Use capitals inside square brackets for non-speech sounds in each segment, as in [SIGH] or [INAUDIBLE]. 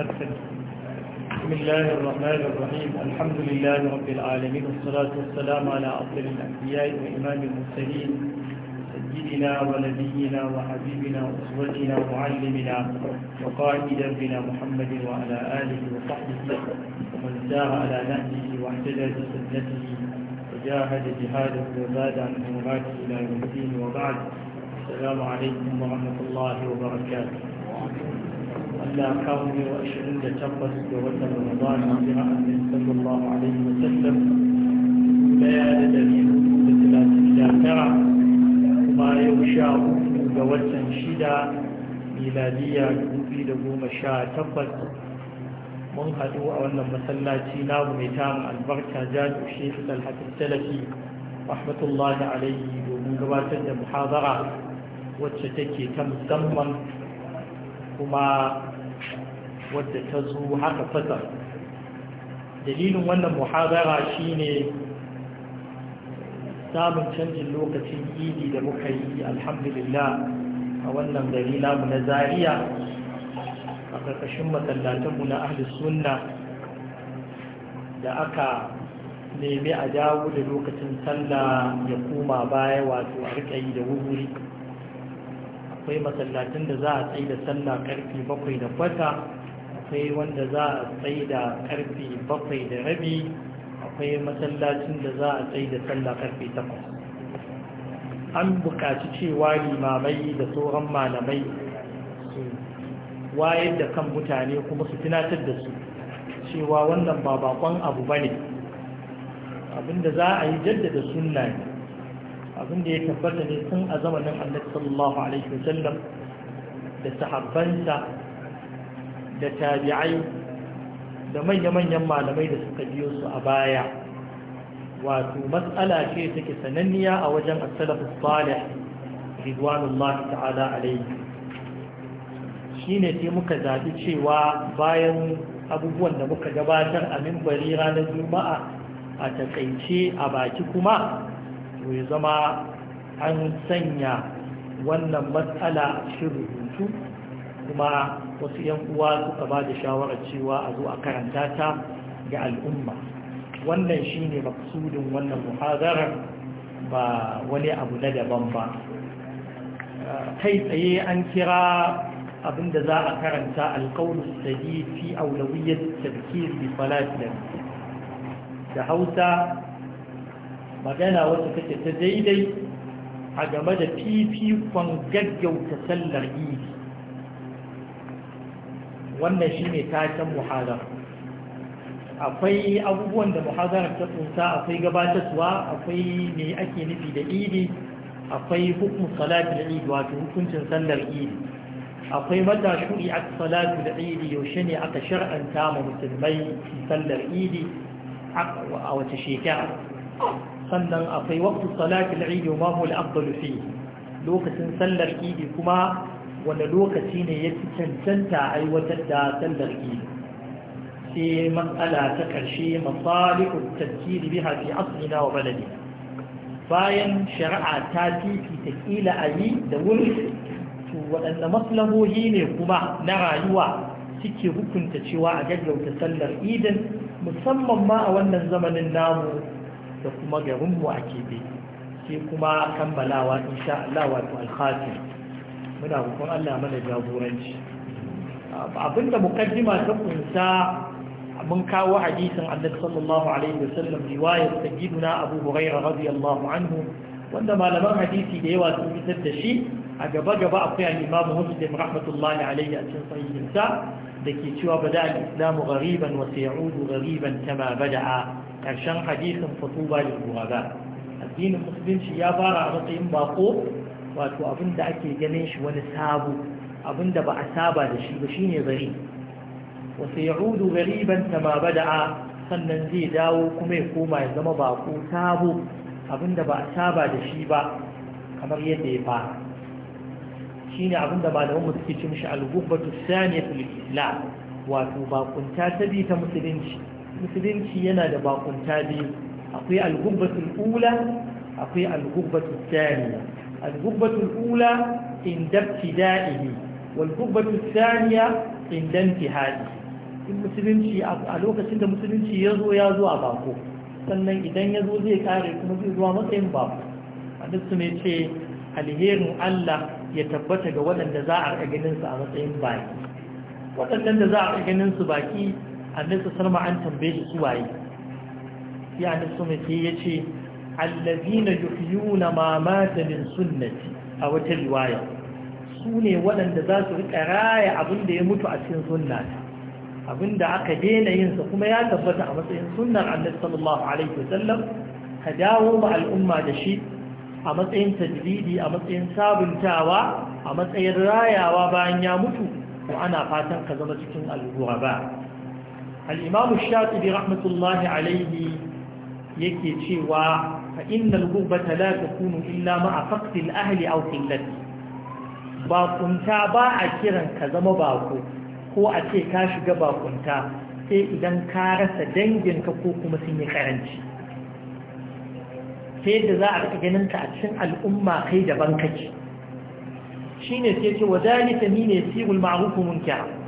ونفسه بسم الله الرحمن الرحيم الحمد لله رب العالمين والصلاة والسلام على أفضل الأنبياء وإمام المرسلين سيدنا ونبينا وحبيبنا وأسوتنا ومعلمنا وقائد بنا محمد وعلى آله وصحبه ومن سار على نهجه واهتدى بسنته وجاهد جهاده وزاد عن حرماته إلى يوم الدين وبعد السلام عليكم ورحمة الله وبركاته ألا أكرمني وأشهد تقوى سورة رمضان عبر النبي صلى الله عليه وسلم بيان دليل بثلاث مذاكرة وما يغشى أمه جوزا شدا ميلادية كوفي لقوم شاء تقوى من هدوء أولا مسلاتي ناو ميتام البركة جاد الشيخ سلحة السلفي رحمة الله عليه ومن جواسة محاضرة وتتكي تم ثمن kuma wadda ta zo haka fata dalilin wannan muhabara shine samun canjin lokacin idi da muka yi alhamdulillah a wannan gari namu na zariya a ƙarƙashin matsalatanmu na ahlus sunna da aka nemi a dawo da lokacin sallah ya koma baya wato a riƙa yi da wuri akwai masallacin da za a tsaye da sallah karfi bakwai da kwata akwai wanda za a tsaye da karfi bakwai da rabi akwai masallacin da za a tsaye da sallah karfi takwas an buƙaci cewa limamai da sauran malamai su wayar da kan mutane kuma su tunatar da su cewa wannan ba bakon abu ba ne abinda za a yi jaddada sunna ne abin da ya tabbata ne tun a zamanin annabi wasallam da sahabbansa da tabi'ai da manya-manyan malamai da suka biyo su a baya wato matsala ce take sananniya a wajen as-salafu salih ridwanullah ta'ala Shi shine sai muka zabi cewa bayan abubuwan da muka gabatar a mimbari ranar juma'a a takaice a baki kuma to ya zama an sanya wannan matsala a cikin rubutu kuma wasu 'yan uwa suka ba da shawarar cewa a zo a karanta ta ga al'umma wannan shine maksudin wannan muhazarar ba wani abu na daban ba kai tsaye an kira abinda za a karanta alƙaunin sadi fi aulawiyyar tafkir bi falatin da hausa magana wacce take ta daidai a game da fifikon gaggauta sallar idi wannan shi ne taken muhazar akwai abubuwan da muhazarar ta tsunsa akwai gabatarwa akwai ne ake nufi da idi akwai hukum salatu da idi wato hukuncin sallar idi akwai mata shuri a salatu da idi yaushe ne aka shar'anta ma musulmai sallar idi a wace shekara sannan akwai waqtu salati al-eid wa ma al-afdal fi lokacin sallar idi kuma wanda lokaci ne yafi cancanta aiwatar da sallar idi sai matsala ta karshe masalihut tadkiri biha fi aslina wa baladina bayan shari'a ta fifita kila a yi da wuri to waɗanda maslahohi ne kuma na rayuwa suke hukunta cewa a gaggauta sallar idin musamman ma a wannan zamanin namu da kuma garinmu a kebe sai kuma kammalawa insha Allah wato alkhatim muna roƙon Allah mana jagoranci abinda mukaddima ta kunsa mun kawo hadisin annabi sallallahu alaihi wasallam riwayar sayyiduna Abu Hurairah radiyallahu anhu wanda malaman hadisi da yawa sun fitar da shi a gaba gaba akwai al-Imam Muslim rahmatullahi alaihi a cikin sahihinsa da ke cewa bada al-Islam ghariban wa sayudu ghariban kama bada'a ƙarshen hadisin fatuba da ba. addinin musulunci ya fara a matsayin bako wato abin da ake ganin shi wani sabu abin da ba a saba da shi ba shine gari. wasu ya'udu gariban ta ma bada'a sannan zai dawo kuma ya koma ya zama bako sabo abin da ba a saba da shi ba kamar yadda ya fara shine abin da malaman mu suke cin shi al-gubbatu saniyatu islam wato bakunta ta bi ta musulunci musulunci yana da bakunta biyu akwai al-gubbatul ula akwai al-gubbatul thaniya al-gubbatul ula inda ibtida'ihi wal gubbatul thaniya inda intihadi in musulunci a lokacin da musulunci ya zo ya zo a bako sannan idan ya zo zai kare kuma zai zuwa matsayin bako a duk ne ce alherin Allah ya tabbata ga waɗanda za a ganin su a matsayin baki waɗannan za a ganin su baki annabi sallama an tambaye shi suwaye sai annabi sallama sai ya ce allazina yuhyuna ma mata min sunnati a wata riwaya su ne waɗanda za su riƙa raya abinda ya mutu a cikin sunna abin da aka daina yinsa kuma ya tabbata a matsayin sunnar annabi sallallahu alaihi wasallam ka dawo ma al'umma da shi a matsayin tajridi a matsayin sabuntawa a matsayin rayawa bayan ya mutu Ko ana fatan ka zama cikin al'ura ba al’imamu shafi rahmatullahi alaihi yake cewa ta innal gubata la kunu illa ma'a faktil ahli a bakunta ba a kiran ka zama bako ko a ce ka shiga bakunta sai idan ka rasa dangin ko kuma sun yi karanci sai da za a ga ganinka a cikin al'umma kai daban kaci shine sai ce wa zalika ne sibul ma'ruf munkar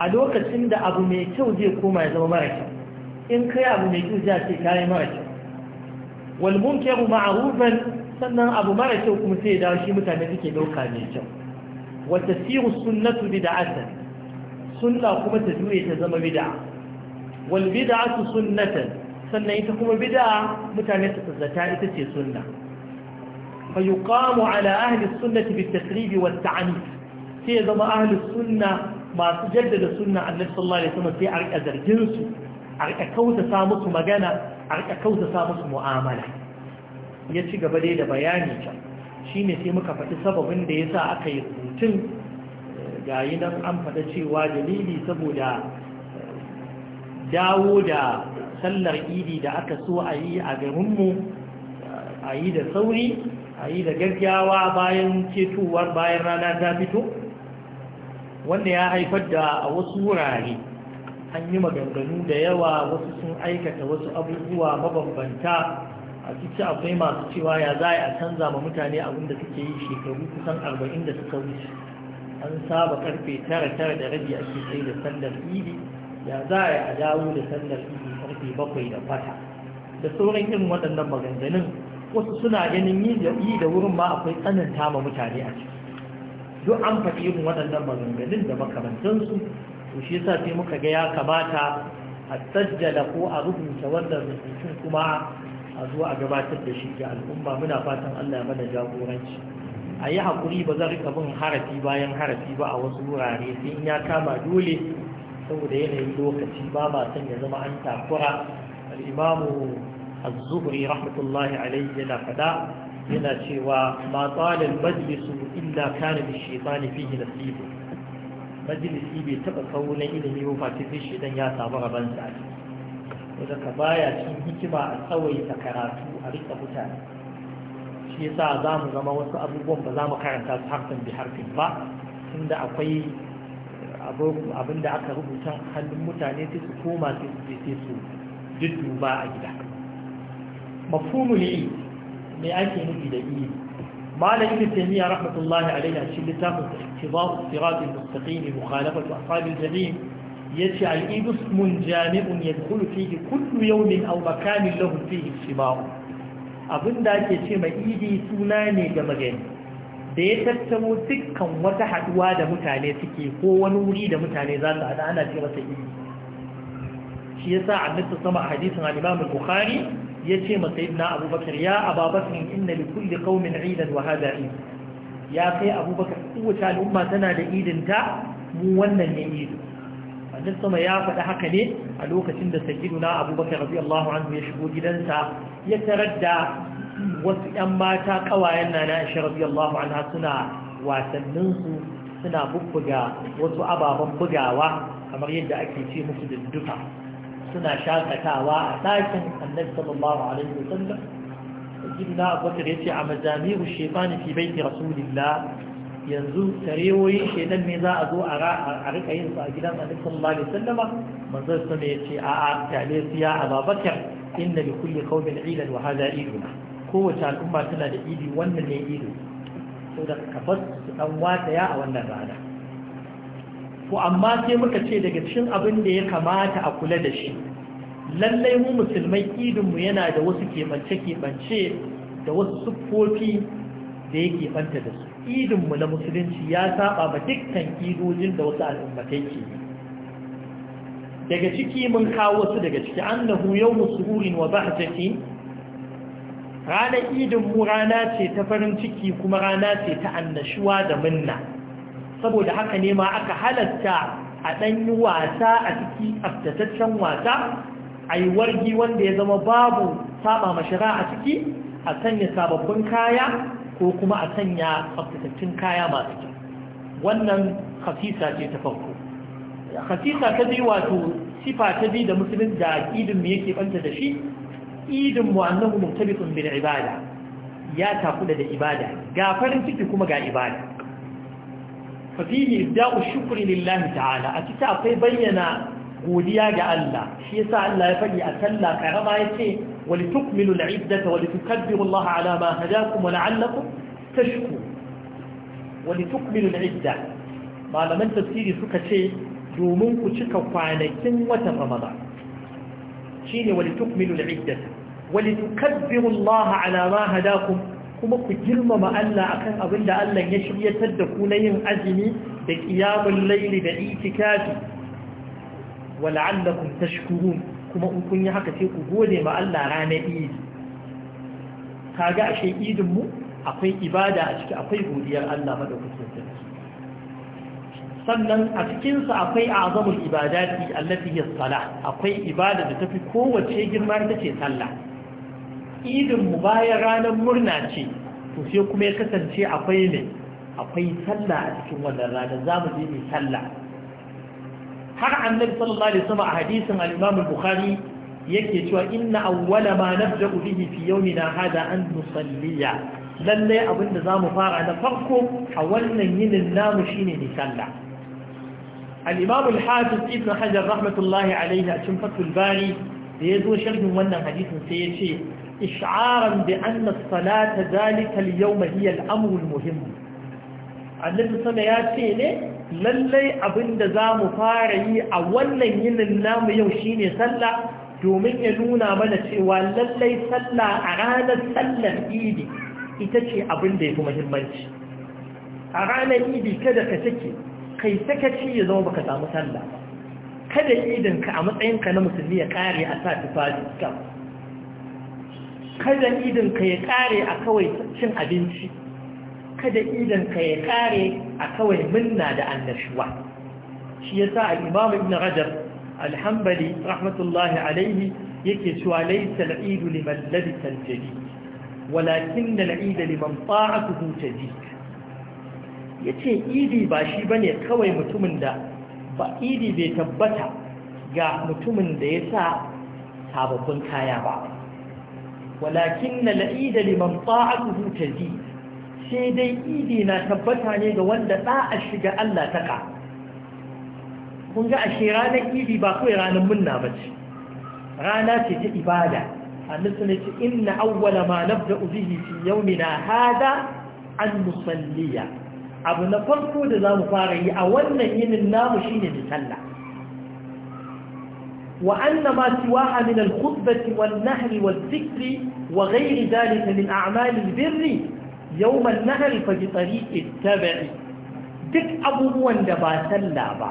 a lokacin da abu mai kyau zai koma ya zama mara kyau in kai abu mai kyau zai ce kayi mara kyau wal munkaru ma'rufan sannan abu mara kyau kuma sai ya dawo shi mutane suke dauka mai kyau wa tasiru sunnatu bid'atan sunna kuma ta jure ta zama bid'a wal bid'atu sunnatan sannan ita kuma bid'a mutane su tsazzata ita ce sunna fa yuqamu ala ahli sunnati bit wat ta'nif sai zama ahli sunna masu jaddada sunna annabi sallallahu alaihi wasallam sai a rika zargin su a rika sa musu magana a rika sa musu mu'amala ya ci gaba dai da bayani ta shine sai muka faɗi sababin da yasa aka yi rubutun gayi nan an faɗa cewa dalili saboda eh, dawo da sallar idi da aka so a yi a garinmu eh, a yi da sauri a yi da gaggawa bayan cetowar bayan rana ta fito wanda ya haifar da a wasu wurare an yi maganganu da yawa wasu sun aikata wasu abubuwa mabambanta a ciki akwai masu cewa ya za a canza ma mutane abinda suke yi shekaru kusan arba'in da suka wuce an saba karfe tara tara da rabi ake sai da sallar idi ya za a dawo da sandar idi karfe bakwai da fata da sauran irin waɗannan maganganun wasu suna ganin yi da wurin ma akwai tsananta ma mutane a ciki duk an faɗi irin waɗannan maganganun da makamantansu to shi yasa sai muka ga ya kamata a sajjala ko a rubuta wannan rubutun kuma a zo a gabatar da shi ga al'umma muna fatan Allah mana jagoranci a yi hakuri ba zan rika bin harafi bayan harafi ba a wasu wurare sai in ya kama dole saboda yanayin lokaci ba ma san ya zama an takura al'imamu az-zuhri rahmatullahi alayhi yana faɗa yana cewa ba tsalin majalisu illa da bi fi gina nasibu majalisi bai taba kawo na ilimi ba face sai shaitan ya samu rabon sa wadda ka baya cikin hikima a tsawaita karatu a rika mutane shi yasa za mu zama wasu abubuwan ba za mu karanta su harfin bi harfin ba tunda akwai abin da aka rubuta hannun mutane sai su koma sai su je sai su dudduba a gida mafhumul me ake nufi da ilimi malam ibn taymiya rahmatullahi alayhi a cikin littafin ittiba'u sirat al-mustaqim mukhalafatu ashabil jahim yace al-ilmu ismun jami'un yadkhulu yau kullu yawmin aw makanin lahu fihi ittiba'u abinda ake ce mai idi suna ne ga magani da ya tattamo dukkan wata haduwa da mutane suke ko wani wuri da mutane za su hada ana ce masa idi shi yasa annabi sama a hadisin al-imam bukhari ya ce ma sayyidina abubakar ya ababakar inna li kulli qaumin idan wa hada id ya kai abubakar kowace al'umma tana da idin ta mu wannan ne idin annabi sama ya faɗi haka ne a lokacin da sayyiduna abubakar radiyallahu anhu ya shigo gidansa ya tarar da wasu ƴan mata ƙawayen nana Aisha radiyallahu anha suna wasannin su suna bubbuga wasu ababen bugawa kamar yadda ake ce musu dinduka suna shakatawa a ɗakin annabi sallallahu alaihi wasallam sayyidina ya ce a majami'u shaytan fi baiti rasulillah yanzu tarewoyin shaytan ne za a zo a rika yin su a gidan annabi sallallahu alaihi wasallama manzon sa ne ce a a tale su ya abubakar inna li kulli qaumin ilan wa hada iduna kowace al'umma tana da idi wannan ne ido saboda ka bar su dan wataya a wannan rana to amma sai muka ce daga cikin abin da ya kamata a kula da shi lallai mu musulmai idinmu yana da wasu keɓance-keɓance da wasu siffofi da ya keɓanta da su idinmu na musulunci ya saba ba dukkan idojin da wasu al'ummatai ke daga ciki mun kawo wasu daga ciki annahu yau musuhurin wa bahjati ranar idinmu rana ce ta farin ciki kuma rana ce ta annashuwa da minna saboda haka ne ma aka halatta a ɗanyi wasa a ciki aftataccen wasa a yi wargi wanda ya zama babu saba mashara a ciki a sanya sababbin kaya ko kuma a sanya aftataccen kaya masu kyau wannan khasisa ce ta farko khasisa ta biyu wato sifa ta biyu da musulun da idin mu yake banta da shi idin mu annahu mutabiqun bil ibada ya takuda da ibada ga farin ciki kuma ga ibada fafihi da'u shukri lillahi ta'ala a cikin akwai bayyana godiya ga Allah shi yasa Allah ya faɗi a sallah karama yace walitukmilu al'iddata walitukabbiru Allah ala ma hadakum wa la'allakum tashku walitukmilu al'idda malaman tafsiri suka ce domin ku cika kwanakin watan Ramadan shine walitukmilu al'iddata walitukabbiru Allah kuma ku girmama Allah akan abin da Allah ya shiryatar da ku na yin azumi da qiyamul laili da itikafi wal'allakum tashkurun kuma in kun yi haka sai ku gode ma Allah ranar Eid kaga ashe Eid mu akwai ibada a ciki akwai godiyar Allah madaukakin sarki sannan a cikin sa akwai azamul ibadati allati hiya salah akwai ibada da tafi kowace girma ita ce sallah idin mu bayan ranar murna ce to sai kuma ya kasance akwai ne akwai sallah a cikin wannan ranar za mu je mu sallah har annabi sallallahu alaihi wasallam a hadisin al-Imam al-Bukhari yake cewa inna awwala ma nabda'u bihi fi yawmina hada an nusalliya lalle abinda zamu fara na farko a wannan yinin namu shine ni sallah al-Imam al-Hafiz Ibn Hajar rahmatullahi alayhi a cikin Fathul Bari da zo sharhin wannan hadisin sai ya ce. إشعارا بأن الصلاة ذلك اليوم هي الأمر المهم annabi sama ya ce ne lallai abin da za mu fara yi a wannan yinin namu yau shine sallah domin ya nuna mana cewa lallai sallah a ranar sallar idi ita ce abin da ya fi muhimmanci a ranar idi kada ka take kai sakaci ya zama baka samu sallah kada idinka a matsayinka na musulmi ya kare a sa tufafi kada idan ka ya kare a kawai cin abinci kada idan ka ya kare a kawai minna da annashuwa shi yasa al-imam ibn rajab al-hanbali rahmatullahi alayhi yake cewa laysa al-eid liman labisa al-jadid walakin al-eid liman ta'atuhu jadid yace idi ba shi bane kawai mutumin da ba idi bai tabbata ga mutumin da ya sa sababbin kaya ba walakin na la'ida liman ta'atuhu tazid sai dai idi na tabbata ne ga wanda da'a shiga Allah ta ka kun ga ashe ranar idi ba kawai ranar munna ba ce rana ce ta ibada annabi ne ce inna awwala ma nabda'u bihi fi yawmina hada an musalliya abu na farko da zamu fara yi a wannan yinin namu shine da sallah وأن ما سواها من الخطبة والنهر والذكر وغير ذلك من أعمال البر يوم النهر فبطريق التبع دك أبو وندبا سلابا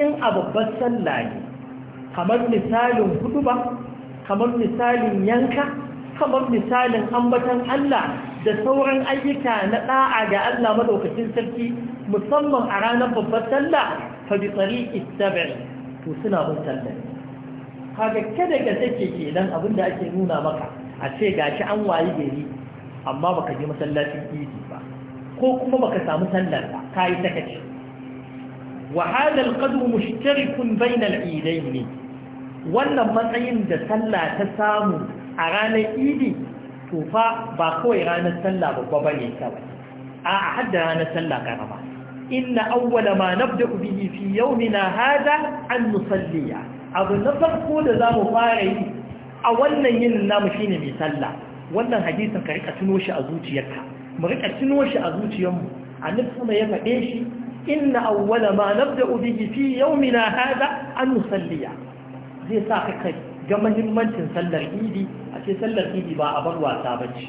إن أبو سلاني kamar misalin huduba kamar misalin yanka kamar misalin ambatan Allah da sauran ayyuka na da'a ga Allah madaukakin sarki musamman a ranar babbar sallah fa bi tariqi tabi'i to suna bin sallah kaga kada ka take kenan abin da ake nuna maka a ce gashi an wayi gari amma baka je masallacin idi ba ko kuma baka samu sallar ba kai sakaci wa hada alqadru mushtarikun bayna al wannan matsayin da sallah ta samu a ranar idi to fa ba kawai ranar sallah babba bane kawai a'a hadda ranar sallah karama inna awwala ma nabda'u bihi fi yawmina hada an nusalliya abu na farko da za mu fara yi a wannan yin namu shine mai sallah wannan hadisin ka rika tuno shi a zuciyarka mu rika tuno shi a zuciyarmu a nufin ya faɗe shi inna awwala ma nabda'u bihi fi yawmina hada an nusalliya zai sa ka ga mahimmancin sallar idi a ce sallar idi ba a bar wasa bace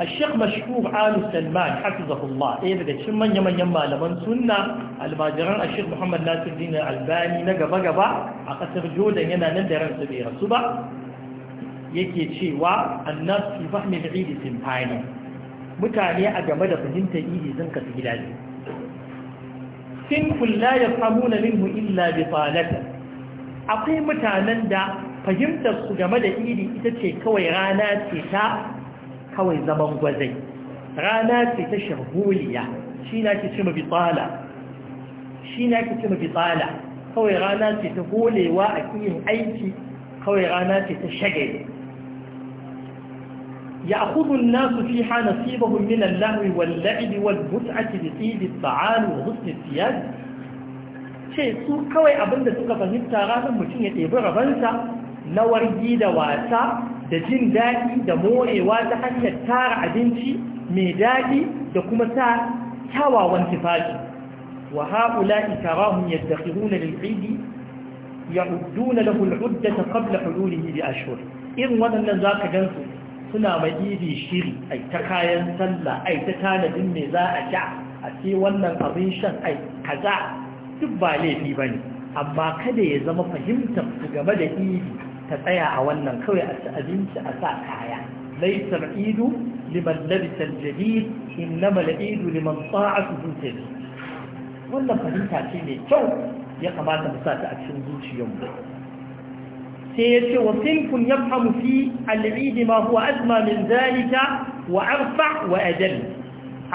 الشيخ مشهور آل سلمان حفظه الله إيه بدأ شما يما يما لمن سنة الماجران الشيخ محمد ناصر الدين الألباني نقبا قبا أقصر جودا ينا ندران سبيرا سبا يكي تشيوا الناس في فهم العيد سمحاني متعني أجمد فهمت إيه زنك سهلالي سنف لا يفهمون منه إلا بطالته أقيم متعنان دا فهمت سجمد إيدي إتتشي كوي رانا تشيشا kawai zaman gwazai rana ce ta sharholiya shi na ke cima shi na ke cima kawai rana ce ta holewa a kiyin aiki kawai rana ce ta shagari minan الناس فيها نصيبهم من اللهو واللعب والمتعة لطيب الطعام وغصن الثياب ce su kawai abinda suka fahimta ranar mutum ya ɗebi rabansa na wargi da wasa da jin daɗi da morewa ta hanyar tara abinci mai daɗi da kuma sa kyawawan tufafi wa haƙula ikarahun yadda ƙiruna lil'idi ya udduna da hulhudda ta kabla hulurihi da ashur irin waɗannan za ka gansu suna maɗidi shiri ai ta kayan sallah Aita ta tanadin mai za a sha a ce wannan abin shan ai kaza duk ba laifi ba ne amma kada ya zama fahimtar su game da idi تتيا أولا كوي أسأدين سأساء كايا ليس العيد لمن لبس الجديد إنما العيد لمن طاع سبوته ولا فريتا كيني شو يقما تمسا تأكسن جوش يوم ده سيش وصنف يفهم في العيد ما هو أدمى من ذلك وأرفع وأجل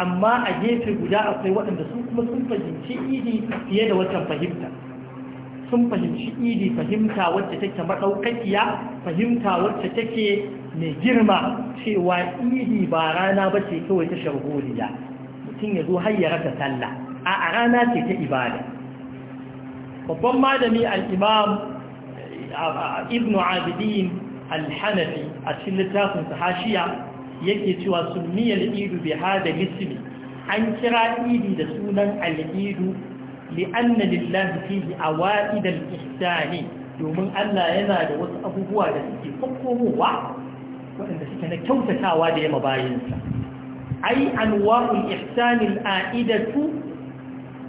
أما أجيب في بجاء الطيوة أن تسوك مصنف جنشي إيدي يدوى تنفهمتك sun fahimci idi fahimta wacce take maɗaukakiya fahimta wacce take mai girma cewa idi ba rana ba ce kawai ta sharholiya mutum ya zo har ya rasa sallah a rana ce ta ibada babban malami al-imam eh, ibn abidin al a cikin littafin sahashiya yake cewa miyar idu bi hada lismi an kira idi da sunan al-idu لأن لله فيه عوائد الإحسان domin Allah yana da wasu abubuwa da suke kokomowa waɗanda suke na kyautatawa da yamma bayansa ai anwa'ul ihsanil a'idatu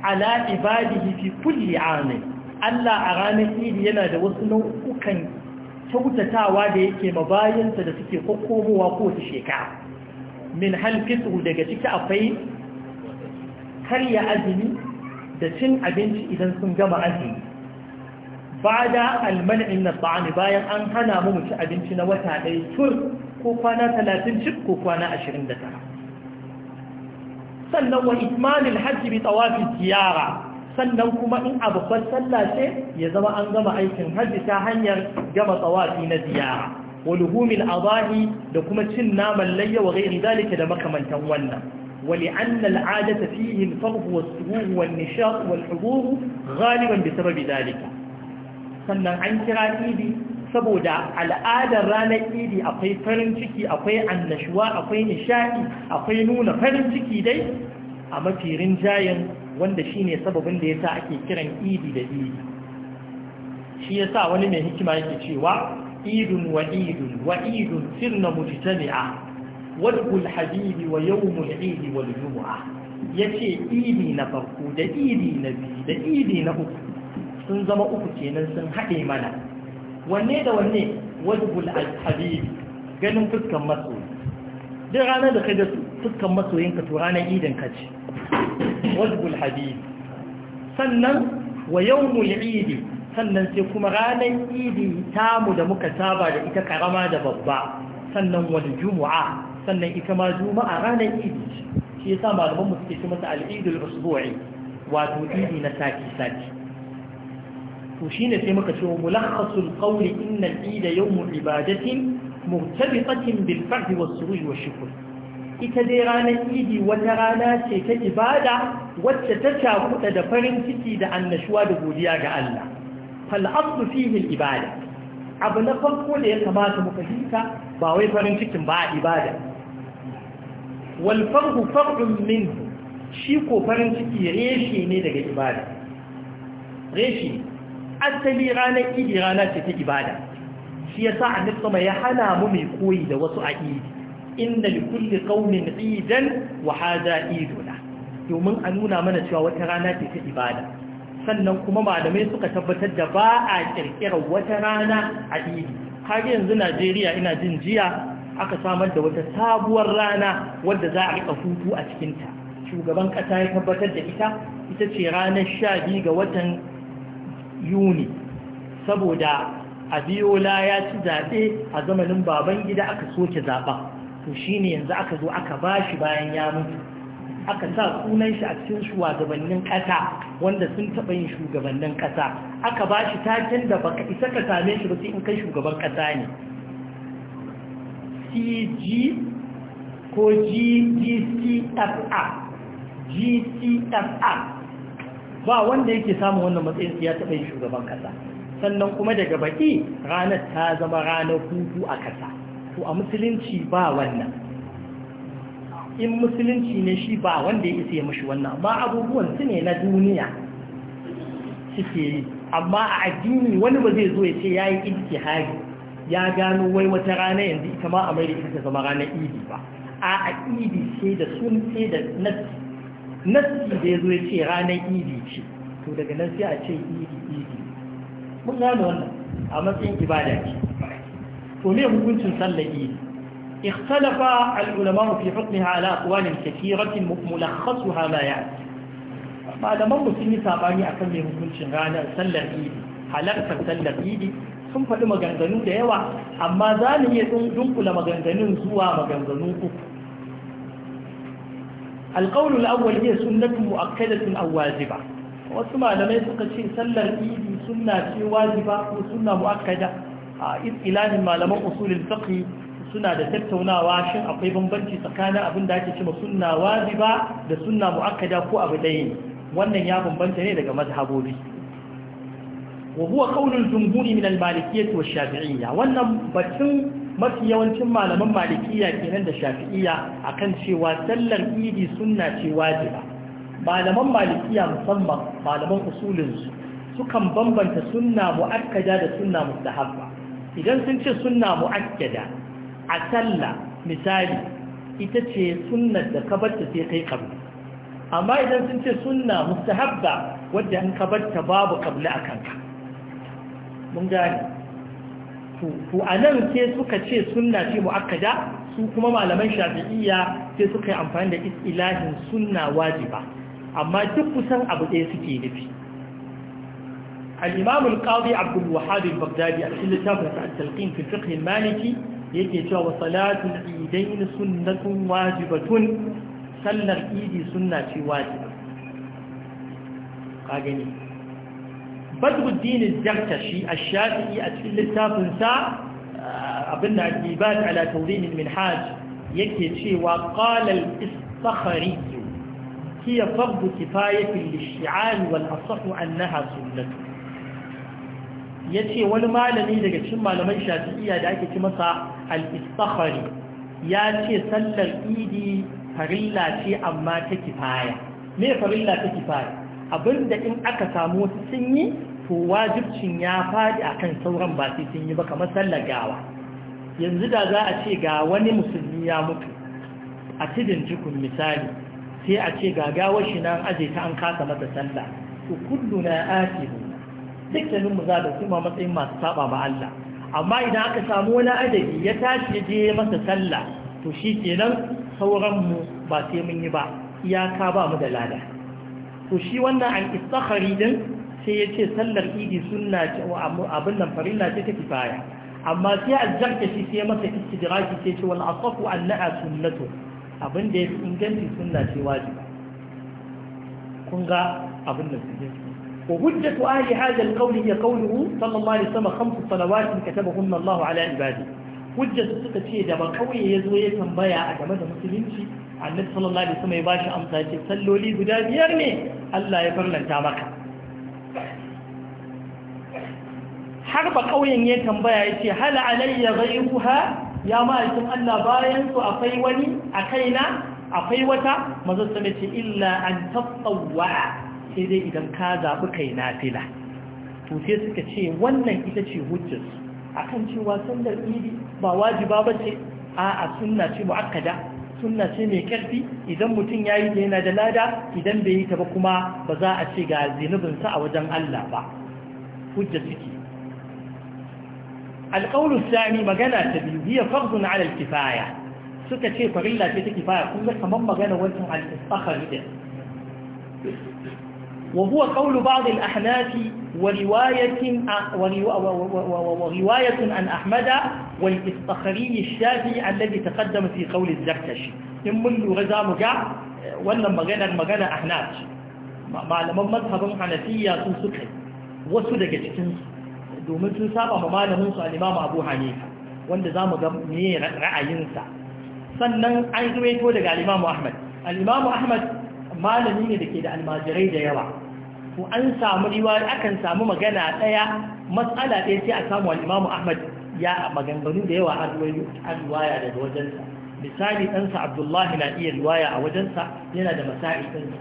ala ibadihi fi kulli 'amin Allah a ranar idi yana da wasu nau'ukan kyautatawa da yake mabayinsa da suke kokomowa kowace shekara min halfisu daga ciki akwai karya azumi da cin abinci idan sun gama azumi ba da almanin na ba'ani bayan an hana mu ci abinci na wata ɗaya tur ko kwana talatin cik ko kwana ashirin da tara sannan wa itmanil hajji bi tsawafi ziyara sannan kuma in a babban sallah ce ya zama an gama aikin hajji ta hanyar gama tsawafi na ziyara wa luhumil abahi da kuma cin naman layya wa gairi dalika da makamantan wannan ولأن العادة فيه الفرح والسرور والنشاط والحضور غالبا بسبب ذلك sannan an kira idi saboda al'adar ranar idi akwai farin ciki akwai annashuwa akwai nishaɗi, akwai nuna farin ciki dai a mafi rinjayen wanda shine sababin da yasa ake kiran idi da idi shi yasa wani mai hikima yake cewa idun wa idun wa idun sirna mujtami'a wadda alhabibi wa yawmul idi wal ya ce idi na farko da idi na biyu da idi na uku sun zama uku kenan sun haɗe mana wanne da wanne wadda alhabibi ganin fuskan masoyi duk ranar da kai da fuskan masoyinka to ranar idin ka ce wadda alhabibi sannan wa yawmul idi sannan sai kuma ranar idi tamu da muka saba da ita karama da babba sannan wani juma'a sannan ita ma juma'a ranar idi shi yasa malaman mu suke ce mata al'idul usbu'i wato idi na sati sati to sai muka ce mulakhasul qawli inna al yau mu ibadatin murtabitatin bil fardhi was suruj wa shukr ita dai ranar idi wata rana ce ta ibada wacce ta cakuɗa da farin ciki da annashuwa da godiya ga Allah falasu fihi ibada abu na farko da ya kamata muka hita ba wai farin cikin ba ibada wal farhu far'un min shi ko farin ciki reshe ne daga ibada reshe asali ranar idi rana ce ta ibada shi ya sa annabi sama ya hana mu mai koyi da wasu a idi inna bi kulli ƙaunin idan wa hada domin a nuna mana cewa wata rana ce ta ibada sannan kuma malamai suka tabbatar da ba a ƙirƙirar wata rana a idi har yanzu Najeriya ina jin jiya aka samar da wata sabuwar rana wadda za a riƙa hutu a cikinta shugaban ƙasa ya tabbatar da ita ita ce ranar sha biyu ga watan yuni saboda abiola ya ci zaɓe a zamanin baban gida aka soke zaɓa to shine yanzu aka zo aka ba shi bayan ya mutu aka sa sunan shi a cikin shugabannin ƙasa wanda sun taɓa yin shugabannin ƙasa aka ba shi taken da baka isa ka same shi ba sai in kai shugaban ƙasa ne ko gcfr gcfr ba wanda yake samun wannan matsayin ya taɓa yin shugaban ƙasa sannan kuma daga baki ranar ta zama ranar hutu a ƙasa to a musulunci ba wannan in musulunci ne shi ba wanda ya isa ya mashi wannan amma abubuwan su ne na duniya suke yi amma a addini wani ba zai zo ya ce ya yi ya gano wai wata rana yanzu ita ma a mai da ita ta zama ranar idi ba a a idi ce da sun ce da nassi nassi da ya zo ya ce ranar idi ce to daga nan sai a ce idi idi mun gano wannan a matsayin ibada ce to me hukuncin sallar idi اختلف العلماء في حكمها على أقوال كثيرة ملخصها ما يأتي بعد ما مسلمي سابعني أكمل hukuncin ranar sallar Idi, halartar sallar Idi. sun faɗi maganganu da yawa amma za mu iya dunkula maganganun zuwa maganganu uku alƙaunul awwal ne sunnatu mu'akkadatun aw wajiba wasu malamai suka ce sallar idi suna ce wajiba ko suna mu'akkada a ilahin malaman usulin fiqh suna da tattaunawa shin akwai bambanci tsakanin abin da ake cewa sunna wajiba da sunna mu'akkada ko abu ɗaya wannan ya bambanta ne daga mazhabobi wa huwa qaulul jumhuri min al shafi'iyya wannan batun mafi yawancin malaman malikiyya kenan da shafi'iyya akan cewa sallar idi suna ce wajiba malaman malikiyya musamman malaman usulin sukan bambanta sunna muakkada da sunna mustahabba idan sun ce sunna muakkada a sallah misali ita ce sunnar da ka sai kai kabli amma idan sun ce sunna mustahabba wadda an ka barta babu kabli a kanka mun gane ku a nan suka ce suna ce mu'akkada su kuma malaman shafi'iyya ce suka yi amfani da ilahin suna wajiba amma duk kusan abu ɗaya suke nufi al'imamun ƙawai abdul wahabi bagdadi a cikin littafin sa'ad talqin fi fiqhin maliki yake cewa wa salatu idain sunnatun wajibatun sallar idi sunna ce wajiba ka gani badruddin shi a shafi'i a cikin littafinsa abinda da adibat ala taurin minhaj yake cewa qalal istakhari hiya fardu kifayatin lishi'an wal asahu annaha sunnatu yace wani malami daga cikin malaman shafi'iyya da ake ci masa al-istakhari ya ce sallar idi farilla ce amma ta kifaya me farilla ta kifaya abinda in aka samu wasu sun yi to wajibcin ya faɗi akan sauran ba sai sun yi ba kamar sallar gawa yanzu da za a ce ga wani musulmi ya mutu a cikin jikun misali sai a ce ga gawar shi nan aje ta an kasa masa sallah to kullu na asibu dukkanin mu za da kuma matsayin masu saba ba Allah amma idan aka samu wani adadi ya tashi ya je masa sallah to shi kenan sauran mu ba sai mun yi ba iyaka ba mu da lada to shi wannan al-istakhari din sai ya ce sallar idi sunna ce abin nan farilla ce ta kifaya amma sai azzarta shi sai masa istidraki sai ce wal asafu annaha sunnatu abin da ya fi inganci sunna ce wajiba kun ga abin da suke وهجة أهل هذا القول هي قوله صلى الله عليه وسلم خمس صلوات كتبهن الله على عباده hujjar suka ce da ba kawai ya zo ya tambaya a game da musulunci annabi sallallahu alaihi wasallam ya bashi amsa ce salloli guda biyar ne Allah ya farlanta maka har ba kauyen ya tambaya ya ce hal alayya ghayruha ya ma'aikin Allah bayan su akwai wani a kaina akwai wata maza sama ce illa an tattawwa sai dai idan ka zaɓi kai na fila to sai suka ce wannan ita ce hujjarsu akan cewa sandar idi ba wajiba ba ce a a sunna ce mu'akkada sunna ce mai karfi idan mutum ya yi da yana da lada idan bai yi ta ba kuma ba za a ce ga zunubinsa a wajen Allah ba hujja suke alƙawlu sami magana ta biyu biya farzun alal kifaya suka ce farilla ce ta kifaya kuma kamar magana wancan al da. وهو قول بعض الأحناف ورواية, ورواية عن أحمد والإستخري الشافي الذي تقدم في قول الزكتش إن من لغزا مجع ولا مغانا مغانا أحناف معلما مذهب حنفية سنسكي وسودك جتنس domin sun saba ma malaminsu al'imamu abu hanifa wanda za mu ga me ra'ayinsa sannan an zuwaito daga al'imamu ahmad al'imamu ahmad malami ne da ke da almajirai da yawa ku an samu riwaya akan samu magana ɗaya matsala ɗaya sai a samu al'imamu ahmad ya maganganu da yawa an riwaya daga wajensa misali ɗansa abdullahi na iya riwaya a wajensa yana da masa'i ɗinsa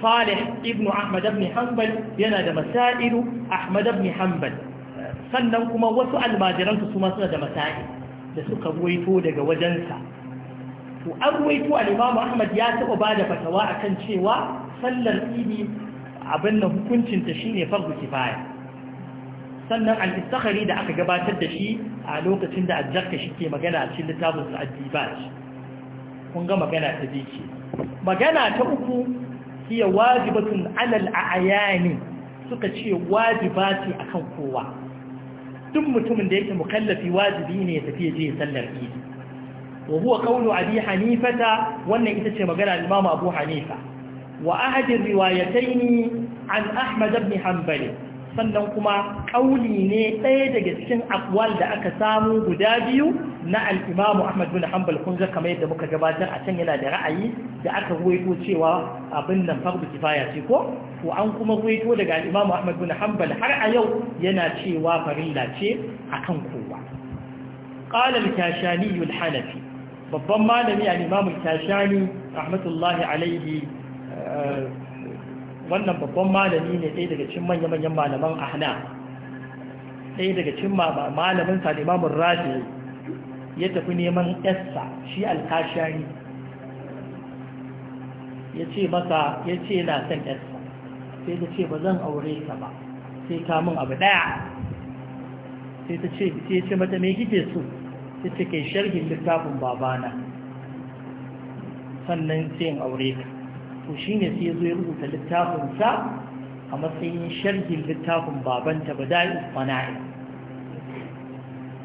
صالح ابن أحمد بن حنبل yana da masailu Ahmad ibn Hanbal sannan kuma wasu almajiran su ma suna da masai da suka ruwaito daga wajensa to an ruwaito al'imamu ahmad ya taɓa ba da fatawa a kan cewa sallar idi abin da hukuncinta shi ne farko kifaya sannan al'istakari da aka gabatar da shi a lokacin da ajarka shi ke magana a cikin littafin su addibat kun ga magana ta jiki magana ta uku hiya wajibatun alal a'ayani suka ce wajiba ce akan kowa duk mutumin da yake mukallafi wajibi ne ya tafi ya je sallar idi wa huwa qawlu abi hanifata wannan ita ce magana al-imam abu hanifa wa ahad an ahmad ibn hanbal sannan kuma kauli ne ɗaya daga cikin akwal da aka samu guda biyu na al'imamu Ahmad bin Hanbal kun ga kamar yadda muka gabatar a can yana da ra'ayi da aka ruwaito cewa abin nan fardu kifaya ce ko to an kuma ruwaito daga al'imamu Ahmad bin Hanbal har a yau yana cewa farilla ce akan kowa qala al-kashani hanafi babban malami al'imamun tashani rahmatullahi alaihi eh, wannan babban malami ne ɗaya daga cin manya-manyan malaman ahna ɗaya daga cin malamin sa al'imamun rafi ya tafi neman ƙasa shi alkashani ya ce masa ya ce na son ƙasa sai ta ce ba zan aure ka ba sai kamun abu ɗaya sai ta ce mata mai gide su ta ce sharhin littafin babana sannan sai in aure ka to shi ne sai zo ya rubuta littafinsa a matsayin sharhin littafin babanta ba da'i fana'i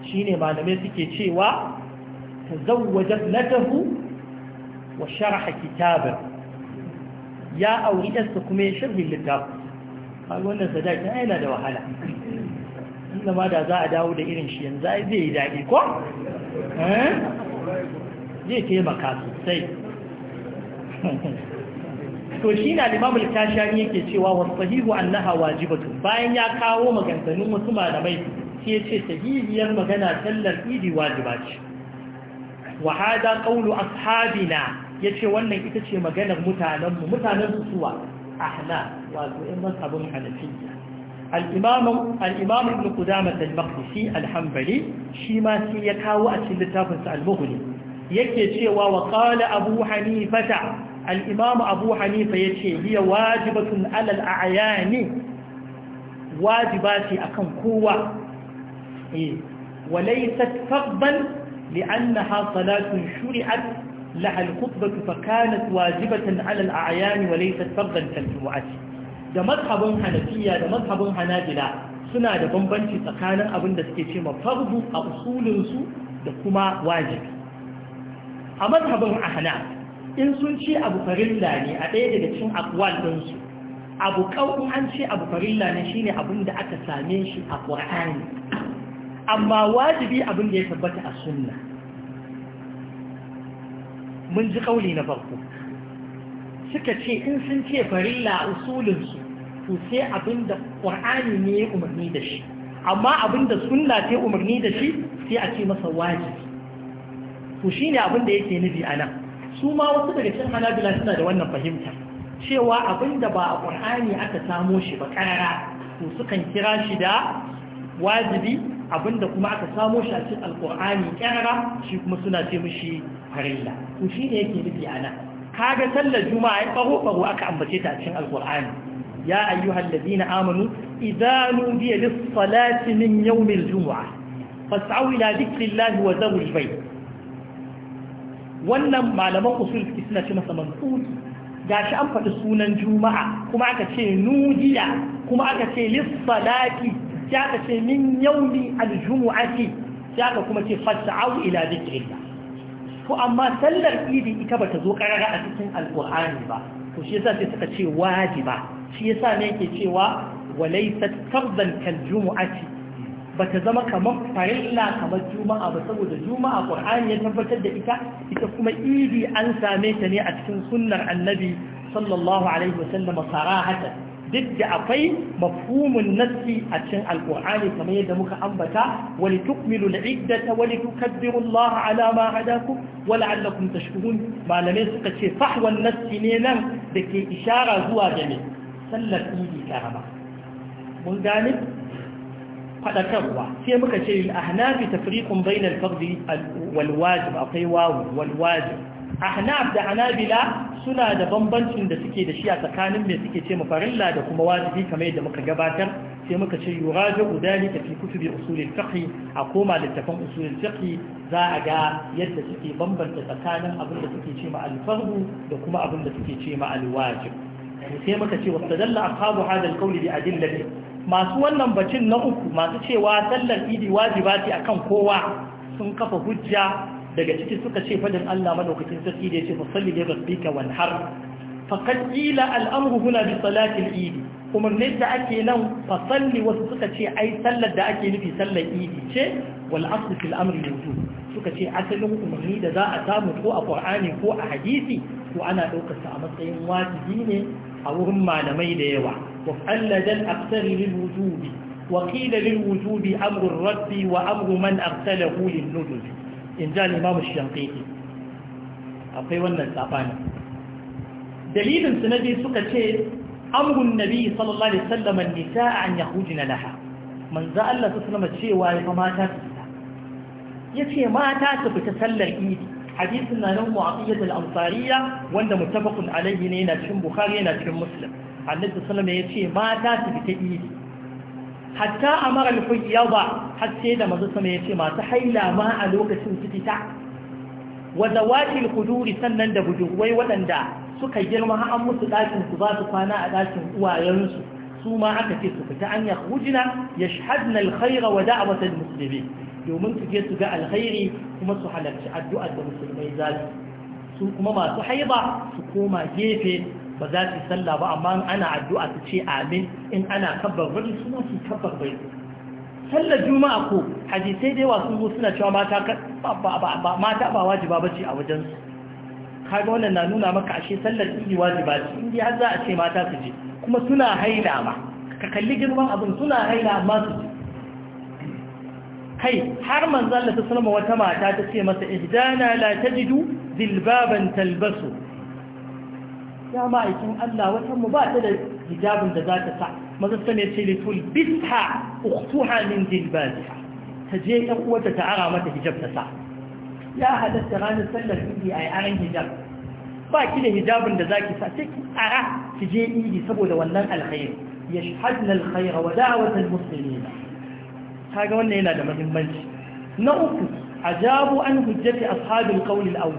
shi ne malamai suke cewa ta zawwajar nadahu wa sharha kitabin ya auri ɗansa kuma ya sharhin littafin a wannan sadakin yana da wahala inda ma da za a dawo da irin shi yanzu zai yi daɗi ko? Eh? zai taimaka sosai [LAUGHS] to shi na limamul tashani yake cewa wasu sahihu annaha wajibatu bayan ya kawo maganganun wasu malamai sai ce sahihiyar magana tallar idi wajiba ce wa hada qawlu ya ce wannan ita ce maganar mutanenmu mutanen su suwa ahna wato ɗan mazhabin hanafiya الإمام الإمام ابن قدامة المقدسي الحنبلي شيما سيكاو أسلتاف المغني يكي شيوا وقال أبو حنيفة الإمام أبو حنيفة يكي هي واجبة على الأعيان واجبات أكن قوة وليست فرضا لأنها صلاة شرعت لها الخطبة فكانت واجبة على الأعيان وليست فرضا كالجمعة da mazhabin hanafiya da mazhabin hanabila suna da bambanci tsakanin abin da suke ce ma a usulinsu da kuma wajibi a mazhabin ahna in sun ce abu farilla ne a ɗaya daga cikin akwal ɗinsu abu ƙau'un an ce abu farilla ne shine abin da aka same shi a ƙur'ani. amma wajibi abin da ya tabbata a sunna mun ji ƙauli na farko suka ce in sun ce farilla a usulinsu to sai abin da ƙur'ani ne ya umarni da shi amma abin da sunna ta umarni da shi sai a ce masa wajibi to ne abin da yake nufi a nan su ma wasu daga cikin hanabila suna da wannan fahimta cewa abin da ba a kur'ani aka samo shi ba ƙarara to sukan kira shi da wajibi abin da kuma aka samo shi a cikin alƙur'ani ƙarara shi kuma suna ce mishi farilla to shine yake nufi a nan kaga sallar juma'a ya ɓaro ɓaro aka ambace ta a cikin alƙur'ani يا أيها الذين آمنوا إذا نودي للصلاة من يوم الجمعة فاسعوا إلى ذكر الله وذروا البيت wannan malaman usul suke suna ce masa mansuki gashi an faɗi sunan juma'a kuma aka ce nudiya kuma aka ce lissalati ya aka ce min yaumi aljumu'ati ya aka kuma ce fas'au ila dhikrillah ko amma sallar idi ita bata zo karara a cikin alqur'ani ba to shi yasa sai suka ce wajiba shi yasa ne yake cewa walaysat fardan ce ba bata zama kamar farilla kamar juma'a ba saboda juma'a qur'ani ya tabbatar da ita ita kuma idi an same ta ne a cikin sunnar annabi sallallahu alaihi wasallam sarahatan duk da akwai mafhumun nassi a cikin alqur'ani kamar yadda muka ambata wani tukmilu al'iddata wali tukabbiru Allah ala ma hadakum wa la'allakum tashkurun malamai suka ce fahwan nassi ne nan da ke ishara zuwa ga ne sallar idi karama mun gane fadakarwa sai muka ce ahnafi tafriqun bainal fardhi wal wajib akwai wawu wal wajib ahnaf da hanabila suna da bambancin da suke da shi a tsakanin mai suke ce mafarilla da kuma wajibi kamar yadda muka gabatar sai muka ce yurajo da ta fi kutubi usulul fiqh a koma littafin usulul fiqh za a ga yadda suke bambanta tsakanin abin da suke ce ma al da kuma abin da suke ce ma al-wajib sai muka ce wasu dalla ashabu hadal a bi adillati masu wannan bacin na uku masu cewa sallar idi wajiba ce akan kowa sun kafa hujja daga ciki suka ce fadin Allah madaukakin sarki da yace fasalli li rabbika wanhar faqad qila al-amru huna bi salati al-eid kuma ne da ake nan fasalli wasu suka ce ai sallar da ake nufi sallar idi ce wal asl fil amri wujub suka ce asalin umarni da za a samu ko a Qur'ani ko a hadisi ko ana daukar sa a matsayin wajibi ne a wurin malamai da yawa wa qalladan aktari lil wujubi wa qila lil wujubi amru rabbi wa amru man abtalahu lin nudud in ja imam shafi'i akwai wannan tsafani dalilin su nabi suka ce amrun nabi sallallahu alaihi sallam an a an na laha man za Allah sallallahu alaihi wasallam cewa ya mata su fita yace mata su fita sallar idi hadisin na nan mu'aqiyyat al-ansariya wanda muttafaqun alayhi ne yana cikin bukhari yana cikin muslim annabi sallallahu alaihi wasallam yace mata su fita idi hatta amara al-fayyaba har sai da manzo sallallahu yace masu haila ma a lokacin su fita wa sannan da budurwai waɗanda suka girma har an musu dakin su ba su kwana a dakin uwayensu su ma aka ce su fita an ya hujina ya shahadna alkhaira a da'awata muslimin domin su je su ga alkhairi kuma su halarci addu'ar da musulmai za su su kuma masu haiba su koma gefe ba za su sallah ba amma ana addu'a su ce amin in ana kabbar bari suna su kabbar bari sallar juma'a ko hadisai da yawa sun zo suna cewa mata ba wajiba ba bace a wajen su kaga wannan na nuna maka ashe sallar idi wajiba ce in har za a ce mata su je kuma suna haila ma ka kalli girman abin suna haila amma su je kai har manzan da ta salma wata mata ta ce masa ihdana la tajidu dilbaban talbasu ya ma'aikin Allah wata mu ba ta da hijabin da za ta sa maza sani ce litul bisha uktuha min dilbabiha ta je ɗan uwarta ta ara mata hijab ta sa ya halatta ranar sallar idi a aran hijab ba ki da hijabin da za zaki sa sai ki ara ki je idi saboda wannan alkhairi yashhadna alkhaira wa da'watul muslimina kaga wannan yana da muhimmanci na uku ajabu an hujjati ashabul qawli al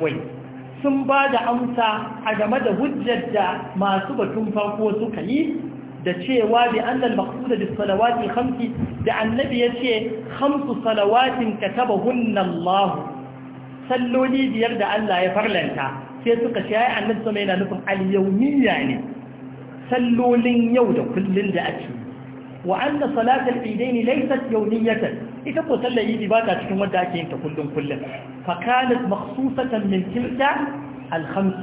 sun ba da amsa a game da hujjar da masu batun farko suka yi da cewa bi annal maqsuda bis salawati khamsi da annabi yace khamsu salawatin katabahunna Allah salloli biyar da Allah ya farlanta sai suka ce ai annabi sama yana nufin al-yawmiyya ne sallolin yau da kullun da ake wa anna salatul ni laysat yawmiyatan ita ko sallar idi ba ta cikin wanda ake yin ta kullum kullum fa kanat makhsusatan min tilka al khams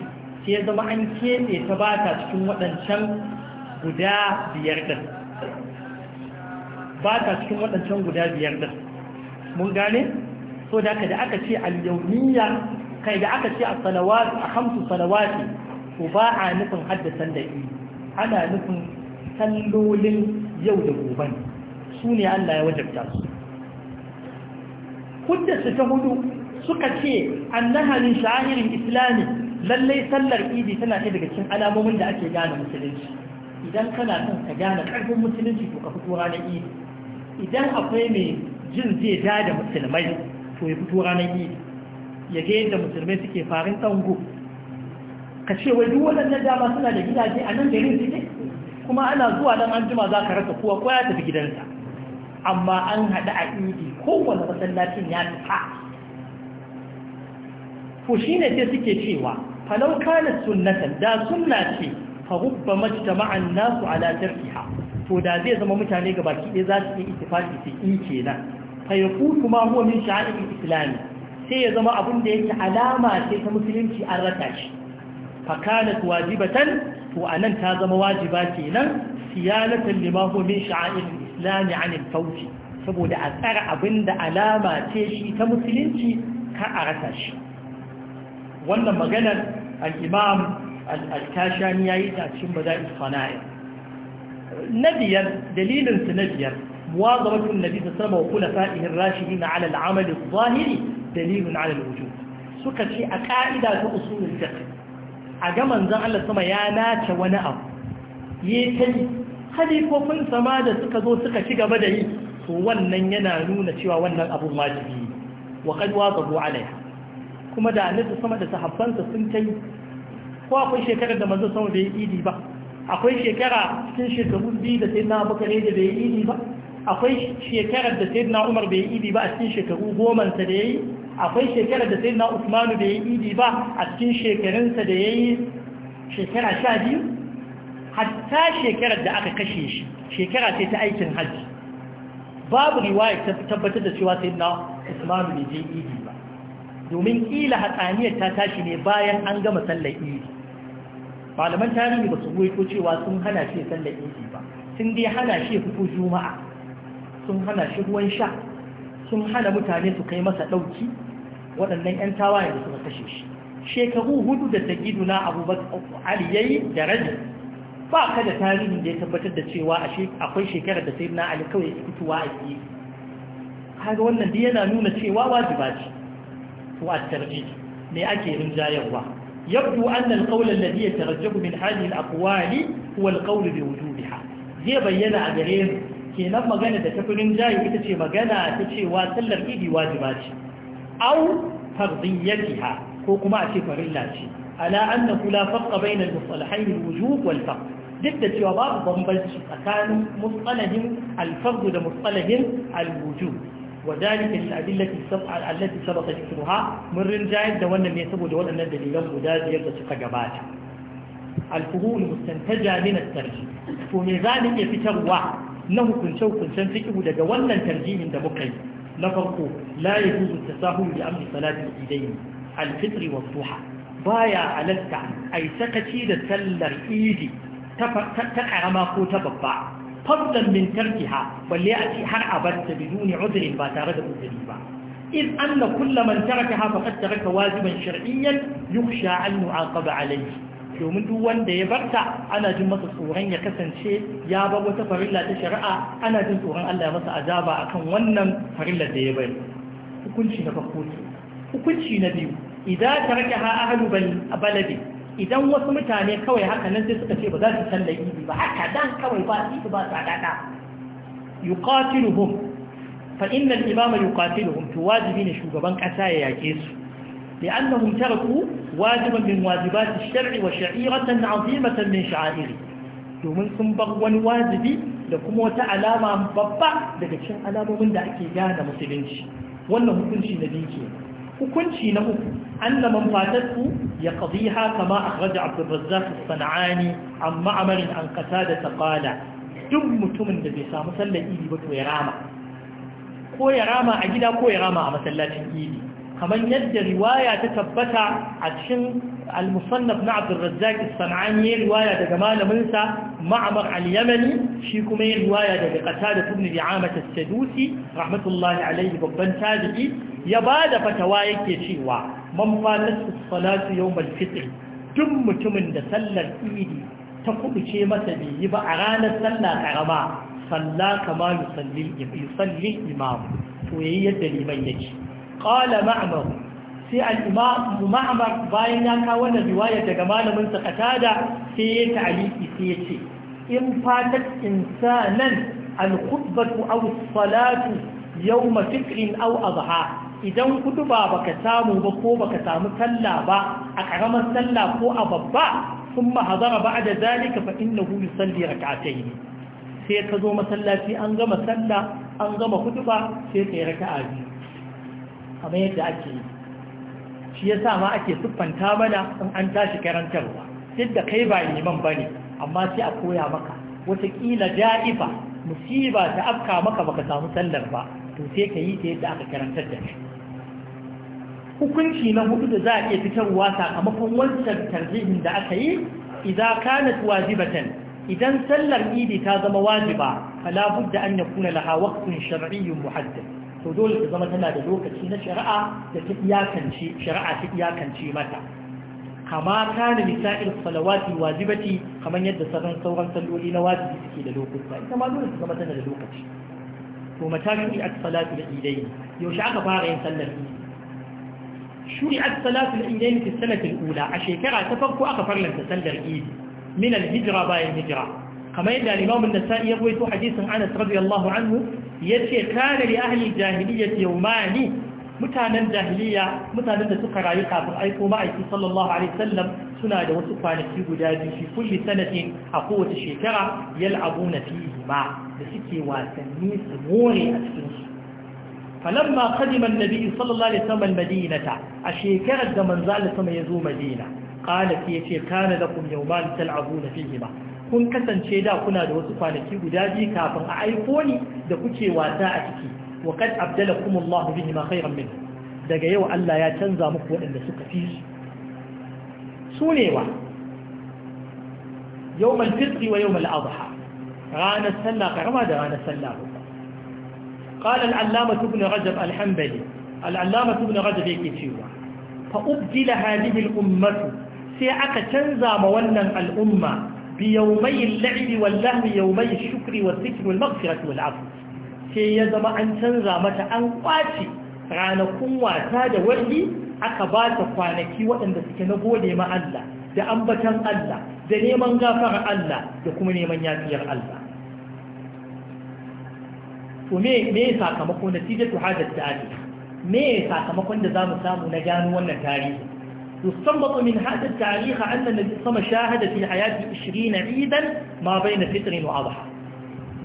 sai zama an keɓe ta ba ta cikin waɗancan guda biyar din ba ta cikin waɗancan guda biyar din mun gane so da da aka ce al yawmiya kai da aka ce a salawat a khamsu salawati ko ba a nufin haddasan da ana nufin Kallolin yau da gobe su ne Allah ya wajabta su hujjarsu ta hudu suka ce annahalin shahirin islami lallai sallar idi tana ɗaya daga cikin alamomin da ake gane musulunci idan kana son ka gane ƙarfin musulunci to ka fito ranar idi idan akwai mai jin zai da da musulmai to ya fito ranar idi ya ga yadda musulmai suke farin tsango ka ce wai duk waɗannan dama suna da gidaje a nan garin suke kuma ana zuwa dan an jima za ka rasa kowa ko ya tafi gidansa amma an haɗu a idi kowane masallacin ya tafa ko shi ne sai suke cewa falau kana sunnatan da sunna ce fa hubba majtama'an nasu ala tarkiha to da zai zama mutane ga baki ɗaya za su yi ittifaqi su in kenan fa yakutu ma huwa min sha'a'ir islam sai ya zama abin da yake alama ce ta musulunci an rata shi fakanat wajibatan to anan ta zama wajiba kenan siyanatan lima huwa min sha'air islam an al-fawj saboda a tsara abinda alama ce shi ta musulunci ka a rasa shi wannan maganar al-imam al-kashani yayi ta cikin baza'il sana'i na biyar dalilin su na biyar مواظبة النبي صلى الله عليه وسلم وخلفائه الراشدين على العمل الظاهري suka ce a ka'ida ta أصول الفقه a ga zan Allah sama ya nace wani abu yi ta yi halifofin sama da suka zo suka ci gaba da yi to wannan yana nuna cewa wannan abun wajibi ne wa kad wazabu alaiha kuma da annabi sama da sahabbansa sun ta yi ko akwai shekarar da manzon sama bai ya idi ba akwai shekara cikin shekaru biyu da sai na bakare da ya idi ba akwai shekarar da na Umar bai yi idi ba a cikin shekaru goman sa da yayi akwai shekarar da na Uthman bai yi idi ba a cikin shekarun sa da yayi shekara 12 hatta shekarar da aka kashe shi shekara ce ta aikin haji babu riwaya ta tabbatar da cewa na Uthman bai je idi ba domin kila hatsaniyar ta tashi ne bayan an gama sallar idi malaman tarihi ba su goyi ko cewa sun hana shi sallar idi ba sun dai hana shi fito juma'a sun hana shi ruwan sha sun hana mutane su kai masa ɗauki waɗannan 'yan tawayen da suka kashe shi shekaru hudu da sagiduna abubakar ali yayi da rajin ba ka da tarihin da ya tabbatar da cewa akwai shekarar da sai na ali kawai ya fitowa a yi kaga wannan da yana nuna cewa wajiba ce to a tarji me ake rinjayarwa yabdu annal alqawl alladhi yatarajjabu min hadhihi alaqwali huwa alqawl bi wujubiha zai bayyana a gare mu kenan magana da tafirin jayi ita ce magana ta cewa sallar idi wajiba ce au fardiyatiha ko kuma a ce farilla ce ala annahu la farqa bayna al-mustalahayn wal duk da cewa babu bambanci tsakanin mustalahin al da mustalahin al-wujub وذلك الأدلة السبعة التي سبق ذكرها من رجال دوانا من يسبب دوانا gabata الدليل وذلك يبدأ تقجبات الفهول المستنتجة من الترجيح وميزان يفتر واحد na hukunce-hukuncen fiƙihu daga wannan tarjihin da muka yi na farko la ya juzu ta sahu da salatin idaini alfitri wa duha baya halatta ai sakaci da sallar idi ta karama ko ta babba fadlan min tarkiha balle a ce har abadda biduni udrin ba tare da udiri ba in أن كل taraka تركها فقد ترك واجبا شرعيا يخشى an نعاقب عليه domin duk wanda ya barta ana jin masa tsoron ya kasance ya bar wata farilla ta shari'a ana jin tsoron Allah ya masa azaba akan wannan farillar da ya bari hukunci na farko hukunci na biyu idan tarkaha ahlu baladi idan wasu mutane kawai haka nan sai suka ce ba za su san laifi ba haka dan kawai ba su ba su dada yuqatiluhum fa inna al-imama yuqatiluhum to wajibi ne shugaban kasa ya yake su لأنهم تركوا واجبا من واجبات الشرع وشعيرة عظيمة من شعائره domin sun bar wani wajibi da kuma wata alama babba daga cikin alamomin da ake gane musulunci wannan hukunci na biyu ke hukunci na uku anna man fatatu ya qadiha kama akhraja Abdul Razzaq as-Sanani an ma'mar an da taqala duk mutumin da bai samu sallar idi ba to ya rama ko ya rama a gida ko ya rama a masallacin idi kamar yadda riwaya ta tabbata a cikin al-musannaf na Abdul Razzaq sanani riwaya daga malamin sa Ma'mar al-Yamani shi kuma yin riwaya daga Qatada ibn Bi'amah as-Sadusi rahmatullahi alayhi babban tabi'i ya bada fatawa yake cewa man fatat as-salatu yawm al-fitr duk mutumin da sallar idi ta kubuce masa bai yi ba a ranar sallah karama salla kama yusalli yusalli imam to yayi yadda liman yake Ƙala ma'mar sai al bayan ya kawo wannan riwaya daga malamin sa qatada sai ya ta'aliki sai ya ce in fatar insanan al-khutbatu aw as-salatu yau fikrin aw adha idan ba baka samu ba ko baka samu sallah ba a ƙaramar sallah ko a babba sun mahazara ba da zalika fa innahu yusalli rak'atayn sai ka zo masallaci an gama sallah an gama kutuba sai yi raka'a biyu kamar yadda ake yi shi ya sa ma ake siffanta mana in an tashi karantarwa duk da kai ba liman ba ne amma sai a koya maka watakila da'ifa musiba ta afka maka baka samu sallar ba to sai ka yi ta yadda aka karantar da shi hukunci na hudu da za a iya fitarwa sakamakon wancan tarzihin da aka yi idan kanat wajibatan idan sallar idi ta zama wajiba fala budda an yakuna laha waqtun shar'iyyun muhaddad to dole ta zama tana da lokaci na shari'a da ta iyakance shari'a ta iyakance mata kama kana misa'il salawati wajibati kamar yadda sauran sauran salloli na wajibi suke da lokuta ita ma dole ta zama tana da lokaci to mata shuri'at salatu da idai yaushe aka fara yin sallar shuri'at salatu da idai fi sanatil ula a shekara ta farko aka farlanta sallar idi min al-hijra bayan hijra kamar yadda al-imam an-nasa'i ya rawaito hadisin Anas radiyallahu anhu yace kana li ahli jahiliyyati yawmani mutanen jahiliya mutanen da suka rayu kafin aiko ma'aiki sallallahu alaihi sallam suna da wasu kwanaki guda biyu fi kulli sanatin a kowace shekara na fihi ma da suke wasanni su more a cikin su falamma qadima annabi sallallahu alaihi wasallam madinata a shekarar da manzo Allah sama yazo madina qala fi yace kana lakum yawman na fihi ma kun kasance da kuna da wasu kwanaki guda biyu kafin a aiko ni da kuke wasa a ciki wa kad abdalakum Allah bihi ma khayran min daga yau Allah ya canza muku waɗanda suka fi su ne wa yawmal fitri wa yawmal adha ranar sallah karama da ranar sallah قال العلامة ابن رجب الحنبلي العلامة ابن رجب yake cewa fa ubdila hadhihi al ummatu sai aka canza ma wannan al'umma بيومي اللعب واللهو يومي الشكر والذكر والمغفرة والعفو sai ya zama an canza mata an ƙwace ranakun wasa da wani aka bata kwanaki waɗanda suke na gode ma Allah da ambatan Allah da neman gafara Allah da kuma neman yafiyar Allah to me me sakamako me sakamakon da zamu samu na gano wannan tarihi يستنبط من هذا التاريخ أن النبي صلى الله عليه وسلم شاهد في حياته 20 عيدا ما بين فطر وأضحى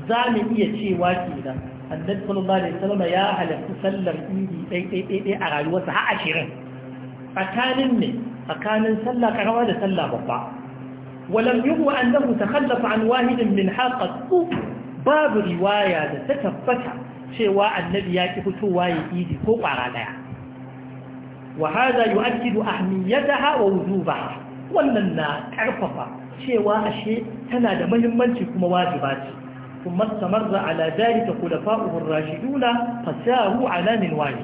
زامن إيه شيء واكيدا النبي صلى الله عليه وسلم يا هل تسلم إيدي أي أي أي أي أغالي وسعى عشرين أكان من أكان سلى كروا سلى بابا ولم يروى أنه تخلف عن واحد من حاقة باب رواية تتبتع شيء النبي يكفتوا واي إيدي فوق على wa haza yi an cidu a hawa wuzu ba wannan na karfafa cewa ashe tana da mahimmanci kuma wajibaci. ce kuma a ladari ta kulafa fa’uhun Rashiduna duna fasaru a namin wani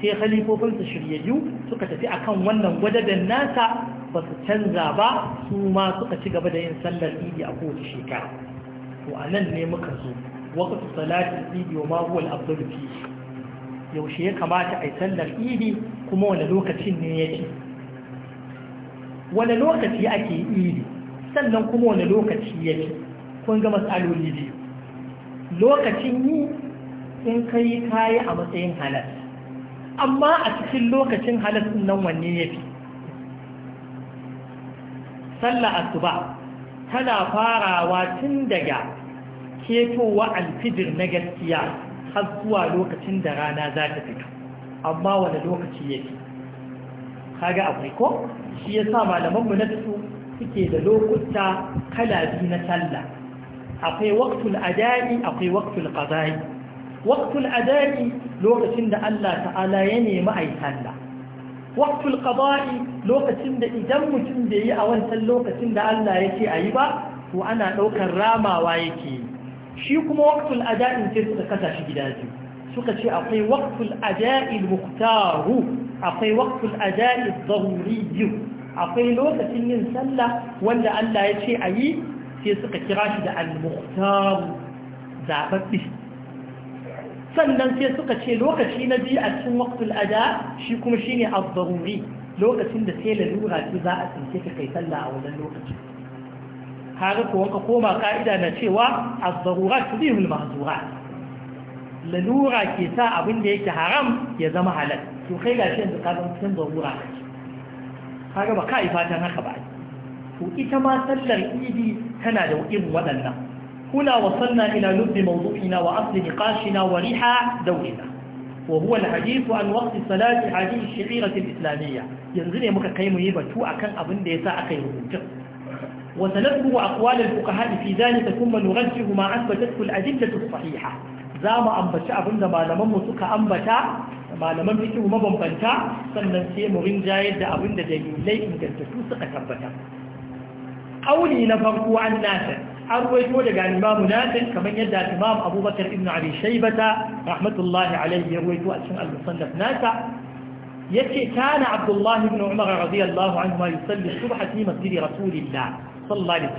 sai halifofinsa shiryayyu suka tafi a kan wannan da nasa ba su canza ba su ma suka ci gaba da yin sallar idi a kowace shekara to a nan ne muka zo wakasu salatin idi wa mahu al'abdul yaushe ya kamata a yi sallar idi kuma wani lokacin ne ya ce wani lokaci ake idi sannan kuma wani lokaci ce kun ga matsaloli biyu lokacin yi in kai kayi a matsayin halas amma a cikin lokacin halas nan wanne ya fi sallah asuba tana farawa tun daga ketowa alfijir na gaskiya har zuwa lokacin da rana za ta fito amma wani lokaci yake kaga akwai ko shi ya sa malamanmu na su suke da lokuta kala biyu na sallah akwai waqtul adai akwai waqtul qada'i waqtul adai lokacin da Allah ta'ala ya nemi ai sallah waqtul qada'i lokacin da idan mutum bai yi a wancan lokacin da Allah ya ce ayi ba to ana daukar ramawa yake shi kuma waqtul ada'in sai suka kasa shi gida biyu suka ce akwai waqtul ada'il muktaru akwai waqtul ada'il daruri akwai lokacin yin sallah wanda Allah ya ce ayi sai suka kira shi da al-muqtaru zababbi sannan sai suka ce lokaci na biyu a cikin waqtul ada shi kuma shine ad-daruri lokacin da sai lalura ce za a tsinke ka kai sallah a wannan lokacin kaga ko wanka koma ka'ida na cewa az-zarurat tudhihul mahzurat lalura ke sa abin da yake haram ya zama halal to kai gashi yanzu ka zama cikin zarura kaga ba kai fatan haka ba to ita ma sallar idi tana da irin waɗannan kuna wasanna ila lubbi mawdu'ina wa asli niqashina wa riha dawlina وهو الحديث عن Islamiyya, yanzu ne muka الإسلامية ينزل batu akan abin da yasa aka yi ربوتك وسنذكر أقوال الفقهاء في ذلك ثم نرجح ما أثبتته الأدلة الصحيحة زام بشا أبن ما لمن ان أنبت ما لم فيه مبنبنت سننسي مرين جايد أبن دليلي إن كنت تسك تبتا قولي نفرقوا عن ناسا أرويت ولد عن إمام ناسا كمن يدى الإمام أبو بكر بن علي شيبة رحمة الله عليه يروي تولى المصنف ناسا يتي كان عبد الله بن عمر رضي الله عنهما يصلي الصبح في مسجد رسول الله sallallahu alaihi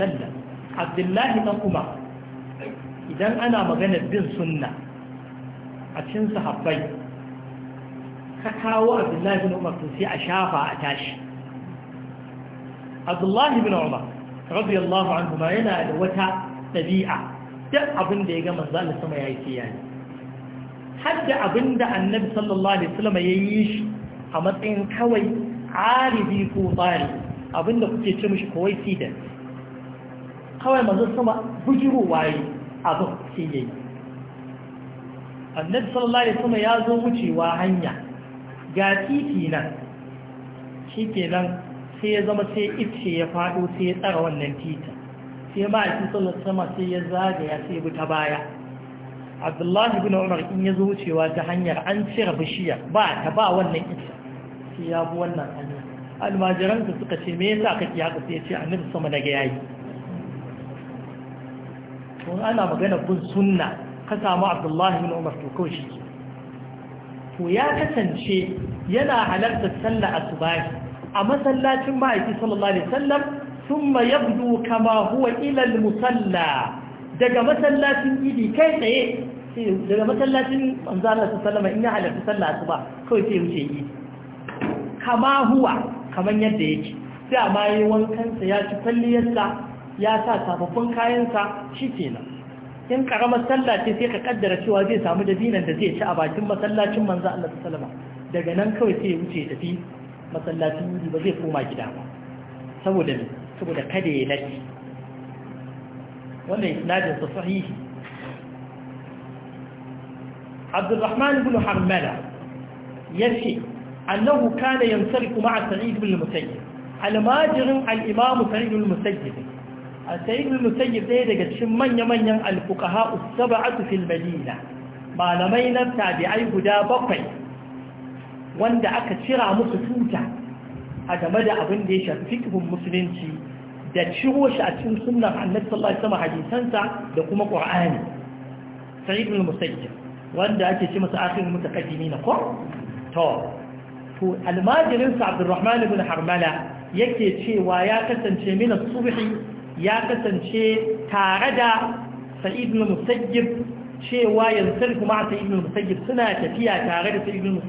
abdullahi dan umar idan ana maganar bin sunna a cikin sahabbai ka kawo abdullahi bin umar to sai a shafa a tashi abdullahi bin umar radiyallahu anhu ma yana da wata dabi'a duk abin da ya gama manzo Allah sama yayi sai yayi hadda abin da annabi sallallahu alaihi ya yi shi a matsayin kawai aribi ko tsari abinda kuke ce mishi kawai sidan kawai manzon sama bujiru waye abin sai ya yi annabi sallallahu alaihi wasallam ya zo wucewa hanya ga titi nan shikenan sai ya zama sai ice ya fado sai ya tsara wannan titin sai shi sallallahu sama sai ya zagaya sai bi ta baya abdullahi ibn umar in ya zo wucewa ta hanyar an cire bishiya ba ta ba wannan ice sai ya bi wannan hanya almajiransa suka ce me yasa kake haka sai ya ce annabi sama daga yayi in ana magana bin sunna ka samu abdullahi bin umar to kawai shi to ya kasance yana halartar sallah a asubahi a masallacin ma'aiki sallallahu alaihi sallam, thumma yabdu kama huwa Ilal musalla daga masallacin idi kai tsaye daga masallacin manzana su sallama in ya halarci sallah asuba kawai sai wuce yi. kama huwa kaman yadda yake sai amma yi wankansa ya ci kwalliyarsa ya sa sababbin kayansa shi kenan in karamar sallah ce sai ka kaddara cewa zai samu dabinan da zai ci a bakin masallacin manzo Allah sallama daga nan kawai sai ya wuce tafi masallacin yudi ba zai koma gida ba saboda me saboda kada ya lati wannan isnadin sa sahihi Abdurrahman ibn Harmala yace annahu kana yansariku ma'a Sa'id ibn al-Musayyib almajirin al-Imam Sa'id ibn musayyib a sayin musayyar ɗaya daga cikin manya-manyan alfukaha usaba'atu fil madina malamai na tabi'ai guda bakwai wanda aka cira musu tuta a game da abin da ya shafi fikihun musulunci da ciro shi a cikin sunan annabi sallallahu alaihi wasallam hadisansa da kuma qur'ani sayyid musayyar wanda ake masu ce masa akhirin mutaqaddimin ko to to almajirin sa abdurrahman ibn harmala yake cewa ya kasance min as ya kasance tare da sa'id ibn cewa yanzu ma sa'id ibn suna tafiya tare da sa'id ibn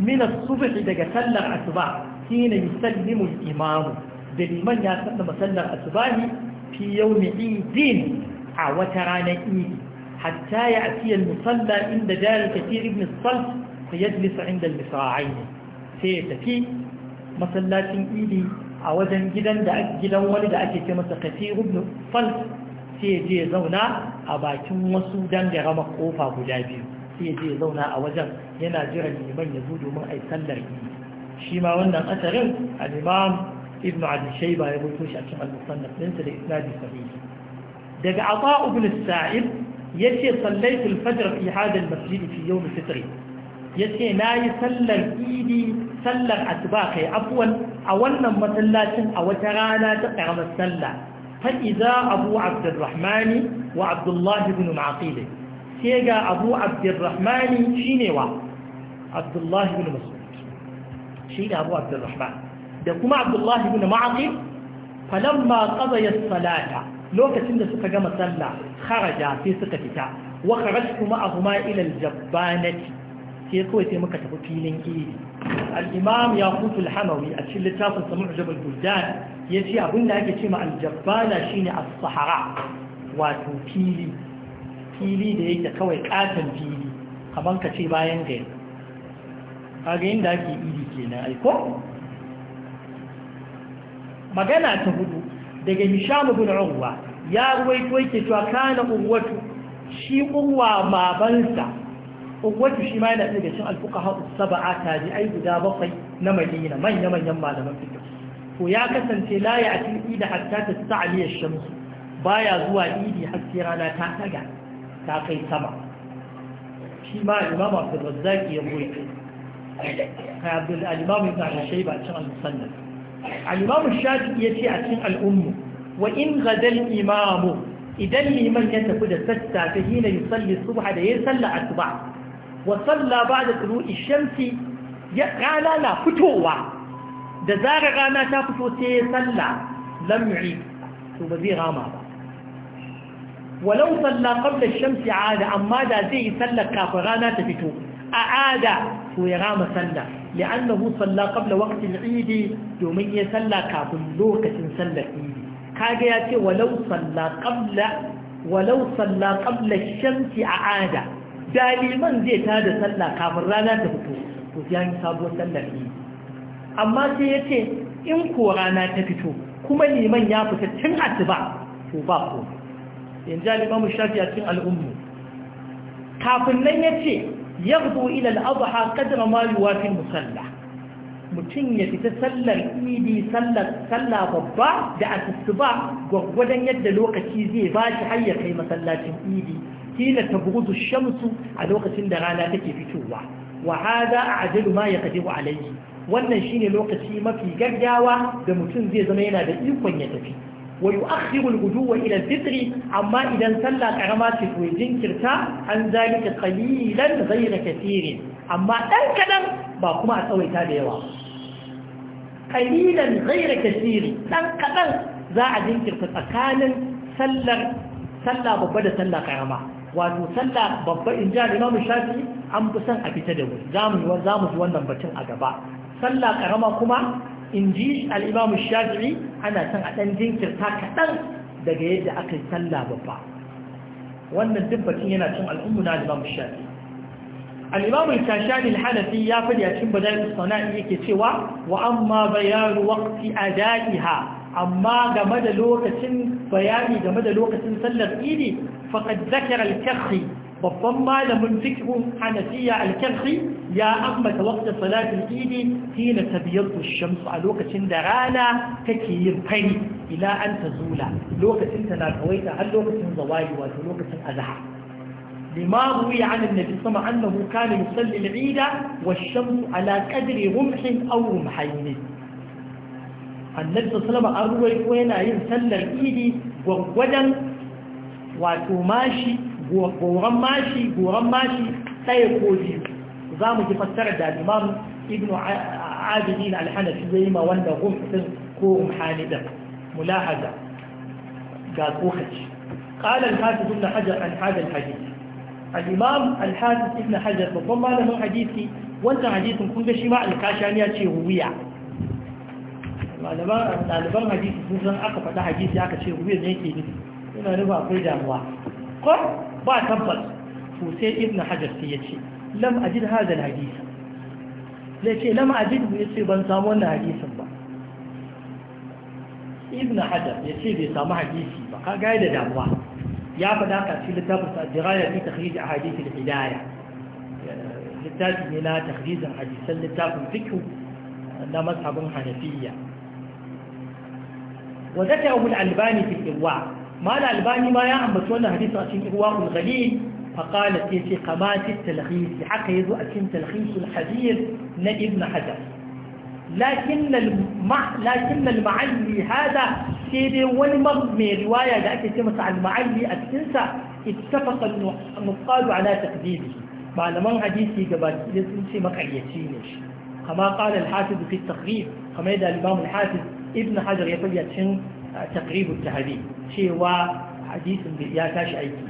min daga sallar asuba hina yusallimu al imamu da liman ya sallama sallar asubahi fi yawmi idin a wata ranar idi hatta ya atiya musalla inda dari kathir ibn ta yadda yajlis inda al-misra'ain sai ya tafi masallacin idi a wajen gidan da gidan wani da ake ce masa kafi rubnu fal sai je zauna a bakin wasu dangara kofa guda biyu sai je zauna a wajen yana jiran liman ya zo domin a yi sallar shi ma wannan asarin al-imam ibn abi ya rubuto shi a cikin al-musannaf ɗinsa da isnadi sahih daga ata ibn sa'id yace sallaitul al-fajr fi hada al-masjid fi yawm fitri ya ce na yi sallar idi sallar asuba kai abuwan a wannan masallacin a wata rana ta ƙaramar sallah fa'iza abu abdurrahmani wa abdullahi bin ma'aƙilai sai ga abu abdurrahmani shi ne wa abdullahi bin masud shi ne abu abdurrahman da kuma abdullahi bin ma falamma ƙazayar salata lokacin da suka gama sallar kharaja sai suka fita wa kharajtu ma'ahuma ila al-jabbanati sai kawai sai muka tafi filin idi al'imam ya kutu alhamawi a cikin littafin samun jabal buldan ya ce da ake ce ma aljabbala shine a sahara wato fili fili da yake kawai katon fili kamar ka ce bayan gari kaga yin da ake ke kenan aiko magana ta hudu daga misham ibn urwa ya ruwaito yake cewa shi urwa babansa uwatu shi ma yana daga cikin alfuqaha sab'a tabi'ai guda bakwai na Madina manya manyan malaman fiqh to ya kasance la ya ati ida hatta ta ash-shams baya zuwa idi har sai rana ta taga ta kai sama shi ma Imam Abdul Razzaq ya goyi kai Abdul Al-Imam Ibn Shayba cikin al-Musannaf Al-Imam Shafi'i yace a cikin al-Ummu wa in ghadal imamu idan liman ya tafi da sassafe ta hina yusalli subha da ya salla asuba wa ba da tulu'i shamsi ya rana na fitowa da zarar rana ta fito sai ya salla lam to ba zai rama ba walau salla qabla shamsi ada amma da zai yi sallar kafin rana ta fito a ada to ya rama ya li'annahu salla qabla waqti al-eid domin ya salla kafin lokacin sallar eid kaga ya ce walau salla qabla walau a shamsi ada da zai ta da sallah kafin rana ta fito to sai an sabuwar sallar yi amma sai ya ce in ko rana ta fito kuma liman ya fita tun asuba to ba ko yanzu limamu shafi a cikin al'ummu kafin nan ya ce yagdo ila al'adha qadra ma yuwafi musalla mutum ya fita sallar idi sallar salla babba da asuba gwaggwadon yadda lokaci zai ba shi har ya kai masallacin idi kila tabruzu shamsu a lokacin da rana take fitowa wa hada a'jalu ma yaqdiru alayhi wannan shine lokaci mafi gaggawa da mutum zai zama yana da ikon ya tafi wa yu'akhiru al-ghuduwa ila al-fitr amma idan sallah karama ce to jinkirta an zalika qalilan ghayra kathirin amma dan kadan ba kuma a tsawaita da yawa qalilan ghayra kathiri dan kadan za a jinkirta tsakanin sallar sallah babba da sallah karama wato sallah babba in ja imamu shafi an fi son a fita da wuri za mu za mu ji wannan batun a gaba sallah karama kuma in ji al Shafi ana son a ɗan jinkirta kaɗan daga yadda aka yi sallah babba wannan duk batun yana cin al'ummu na al-imamu ya الإمام a الحنفي يافد cewa بداية الصناعي كتوى وأما بيان وقت amma game da lokacin bayani game da lokacin sallar idi faqad zakara al-kahfi babban malamin fikhun hanafiya al-kahfi ya ambata waqtin salatul idi hina tabyadu ash-shams a lokacin da rana take yin fari ila an tazula lokacin ta na kawaita har lokacin zawayi wato lokacin azhar لما روي عن النبي صلى الله عليه وسلم أنه كان يصلي العيد والشمس على قدر رمح أو رمحين annabi sallama an ko yana yin sallar idi gwaggwadan wato mashi goran mashi goran mashi ɗaya ko biyu za mu ji fassara da imam ibn abidin alhanafi zai ma wanda gumfin ko umhanida mulahaza ga tsohaci قال الحافظ ابن حجر عن هذا الحديث الإمام الحافظ ابن حجر بضم هذا حديثي وانت حديث كنت شماء الكاشانية شهوية ɗaliban hadisi sun san aka faɗi hadisi aka ce ruwa ne ke nufi yana nufa akwai damuwa ko ba tabbas to sai ibn hajar sai ya ce lam ajid hadal hadisi zai ce lam ajid ya ce ban samu wannan hadisin ba ibn hajar ya ce bai samu hadisi ba ka gaya da damuwa ya faɗa ka cikin littafin sa jiraya fi takhrij ahadith al-hidayah littafi ne na takhrijin hadisan littafin fiqh na mazhabin hanafiya وذكره الألباني في الإرواع ما الألباني ما يعمل وانا حديث رأسين إرواع الغليل فقال في قمات التلخيص لحق يذو أكين تلخيص الحديث لابن حجر لكن المع... لكن المعلي هذا سيدي والمرض رواية لأكي عن المعلي التنسى اتفق النقاد على تقديمه مع hadisi حديثي قبل sun ce makaryaci ne shi kama kala alhafiz fi taqrib kama ibn hajar ya fayya cin taqribu tahdi cewa hadisin ya tashi aiki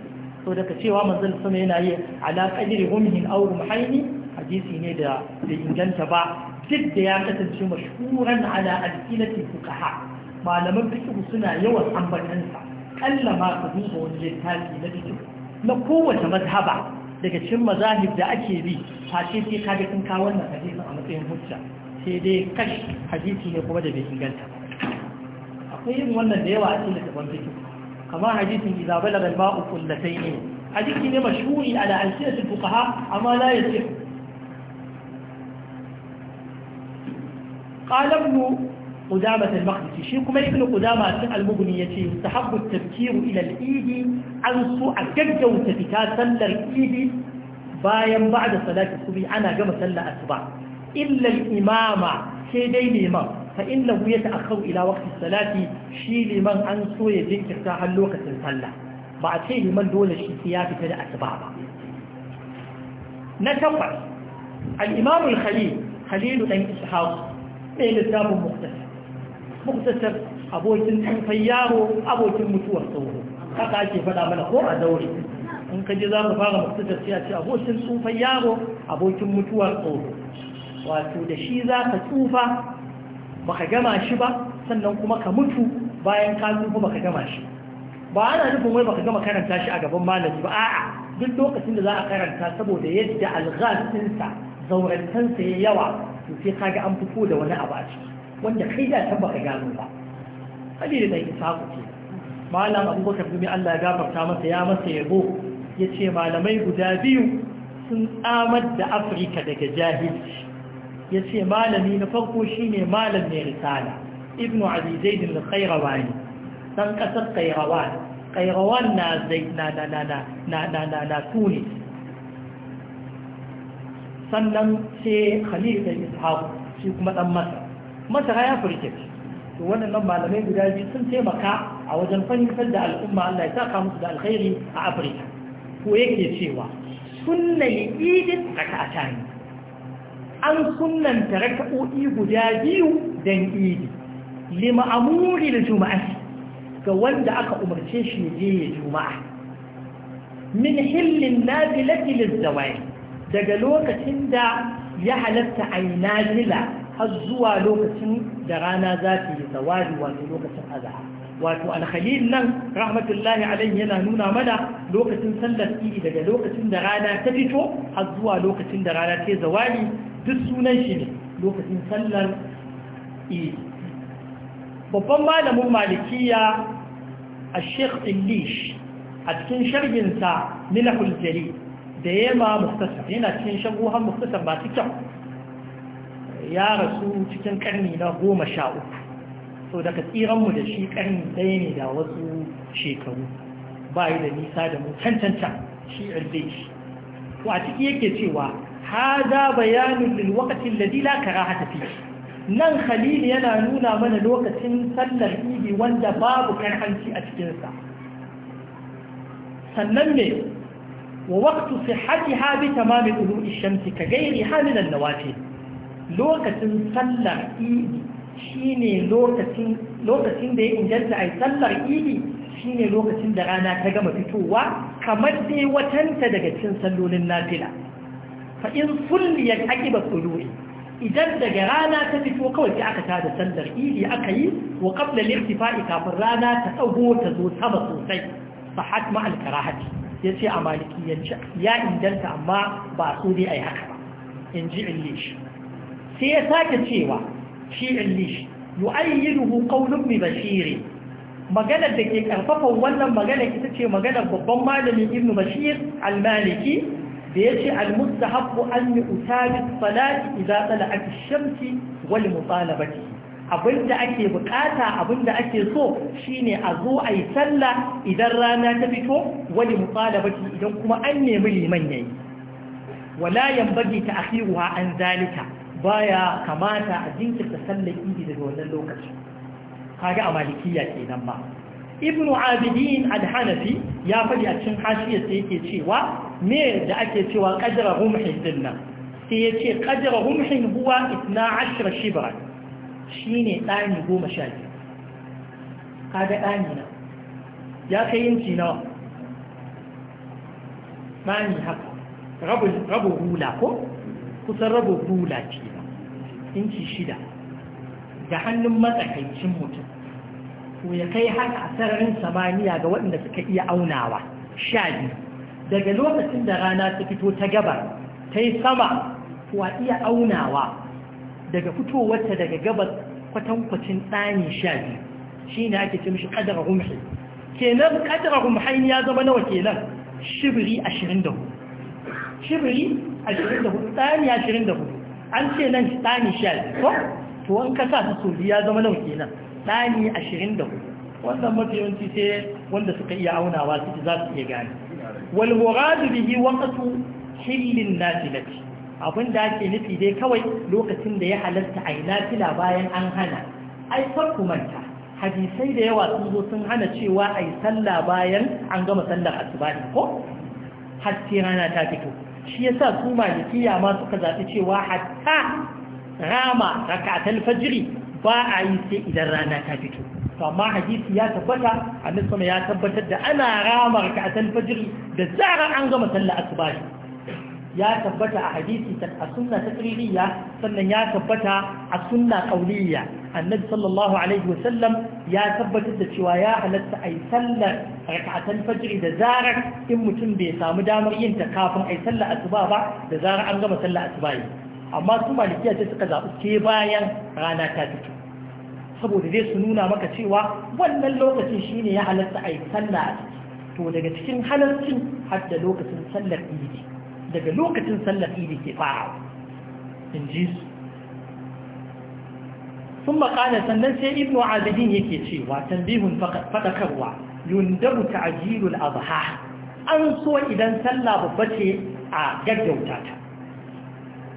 so daga cewa manzon sama yana yi ala qadri umhin aw rumhaini hadisi ne da bai inganta ba duk da ya kasance mashhuran ala alqilati fuqaha malaman fiqh suna yawan ambatansa kalla ma ka duba wani littafi na fiqh na kowace mazhaba daga cikin mazahib da ake bi face sai ka sun kun kawo wannan hadisin a matsayin hujja sai dai kashi hadisi ne kuma da bai inganta akwai yin wannan da yawa a cikin littafin fiki kamar hadisin idza balagha al-ma'u qullatayn hadisi ne mashhuri ala al-sinat al-fuqaha amma la yasih qala ibn قدامة المقدسي شي كما ابن قدامة المغني يتي يستحب التبكير إلى الإيد عن سوء جدو تفكا سلة الإيد باين بعد صلاة الصبح أنا قم سلة أتبع إلا الإمام سيدي الإمام فإنه يتأخر إلى وقت الصلاة شي لمن أنسو يجنك ارتاح اللوكة الصلاة بعد شي لمن دول الشيسيات كده أسبابا نتفع الإمام الخليل خليل بن إسحاق إيه للتاب مختصر مختصر أبوة فيارو أبوة متوى صوره haka ake faɗa mana ko a daure in ka je za ka fara mutu da siya ce abokin tsufan yaro abokin mutuwar tsoro wato da shi za ka tsufa baka gama shi ba sannan kuma ka mutu bayan ka tsufa baka gama shi ba ana nufin wai baka gama karanta shi a gaban malami ba a'a duk lokacin da za a karanta saboda yadda alghaz zaurantansa ya yawa to sai kaga an fito da wani abu a ciki wanda kai da ta baka gano ba hadiri da isaku ce malam abubakar bin Allah ya gafarta masa ya masa yabo yace malamai guda biyu sun tsamar da Afirka daga jahilci ya ce malami na farko shi ne malam mai risala ibn azizai da ɗan ƙasar kairawa kairawan na zai na na na na na na na na sannan sai khalil da ishaku shi kuma dan masa masa ya firkici to waɗannan malamai guda biyu sun taimaka a wajen fahimtar da al'umma Allah ya saka musu da alkhairi a Afirka ko yake cewa sunna idin a ne an sunanta raka'o'i guda biyu don idi lima amuri da juma'a ga wanda aka umarce shi je ya juma'a min hillin nafilati lizawai daga lokacin da ya halatta a yi nafila har zuwa lokacin da rana za ta yi zawari wato lokacin azahar wato alkhalil nan rahmatullahi alayhi, yana nuna mana lokacin sallar idi daga lokacin da rana ta fito har zuwa lokacin da rana ta zawali duk sunan shi ne lokacin sallar idi babban malamin malikiya a sheikh illish a cikin sharginsa milahul jari da ya ma yana cikin shagohan mustasa masu kyau ya rasu cikin karni na goma sha uku so daga tsiranmu da shi karni ɗaya ne da wasu shekaru ba yi da nisa da mu cancanta shi illish to a ciki yake cewa hada bayanin lil waqti alladhi la karahata fihi nan khalil yana nuna mana lokacin sallar idi wanda babu karhanci a cikinsa sannan ne wa waqtu sihhatiha bi tamam tulu'i shamsi ka gairiha min an-nawafil lokacin sallar idi shine lokacin lokacin da ya a ai sallar idi shine lokacin da rana ta gama fitowa kamar dai watanta daga cikin sallolin nafila fa in fulliyat aqiba tulu'i idan daga rana ta fito kawai sai aka tada sandar idi aka yi wa kabla al-irtifa'i kafin rana ta dago ta zo sama sosai sahat ma al ya ce a malikiyanci ya inganta amma ba su dai yi haka ba in ji illish sai ya sake cewa shi illish yu'ayyiduhu qawlu ibn bashir magana da ke karfafa wannan magana ita ce maganar babban malamin ibn bashir al-maliki da yace al-mustahabbu an yusabi salati idza tala'at ash-shamsi wal mutalabati abinda ake bukata abinda ake so shine a zo ayi sallah idan rana ta fito wal mutalabati idan kuma an nemi liman yayi wala ta ta'khiruha an zalika baya kamata a jinkirta sallar idi daga wannan lokaci kaga a malikiya kenan ba ibn abidin al-hanafi ya faɗi a cikin hashiyar sai yake cewa me da ake cewa qadra rumhin dinna sai yace qadra rumhin huwa 12 shibra shine dani 12 kaga dani na ya kai inci nawa mani haka rabu rabu hula ko kusan rabu hula ce inci shida da hannun matsakaicin mutum to ya kai haka a sararin samaniya ga waɗanda suka iya aunawa sha biyu daga lokacin da rana ta fito ta gabar ta yi sama to iya aunawa daga fitowarta daga gabar kwatankwacin tsani sha biyu shi ne ake ce mishi ƙadara rumhi kenan ƙadara rumhain ya zama nawa kenan shibiri ashirin da hudu shibiri ashirin da hudu tsani ashirin da hudu an ce nan tsani sha biyu to an kasa su ya zama nawa kenan ɗani ashirin da hudu wannan mafi yawanci sai wanda suka iya aunawa su za su iya gane walmuradu bihi waqtu hillin nafilati abin da ake nufi dai kawai lokacin da ya halarta a nafila bayan an hana ai farko manta hadisai da yawa sun zo sun hana cewa ai sallah bayan an gama sallar asubahi ko hatta rana ta fito shi sa su malikiya ma suka zaɓi cewa hatta rama rakatul fajri ba a yi sai idan rana ta fito to amma hadisi ya tabbata annabi ya tabbatar da ana ramar ka atal fajr da zarar an gama sallar asuba ya tabbata a hadisi ta a sunna ta tsiririya sannan ya tabbata a sunna kauliyya annabi sallallahu alaihi wa sallam ya tabbatar da cewa ya halatta ai sallar rak'atan fajr da zarar in mutum bai samu damar yin ta kafin ai sallar asuba ba da zarar an gama sallar asuba amma su malikiya sai suka zaɓi ke bayan rana ta fito saboda zai su nuna maka cewa wannan lokacin shine ya halatta a yi sallah to daga cikin halarcin har da lokacin sallar ibi daga lokacin sallar ibi ke fara in ji su sun makana sannan sai ibnu abidin yake cewa tambihun fadakarwa yundabu ajiyar azha an so idan sallah babba ce a gaggauta ta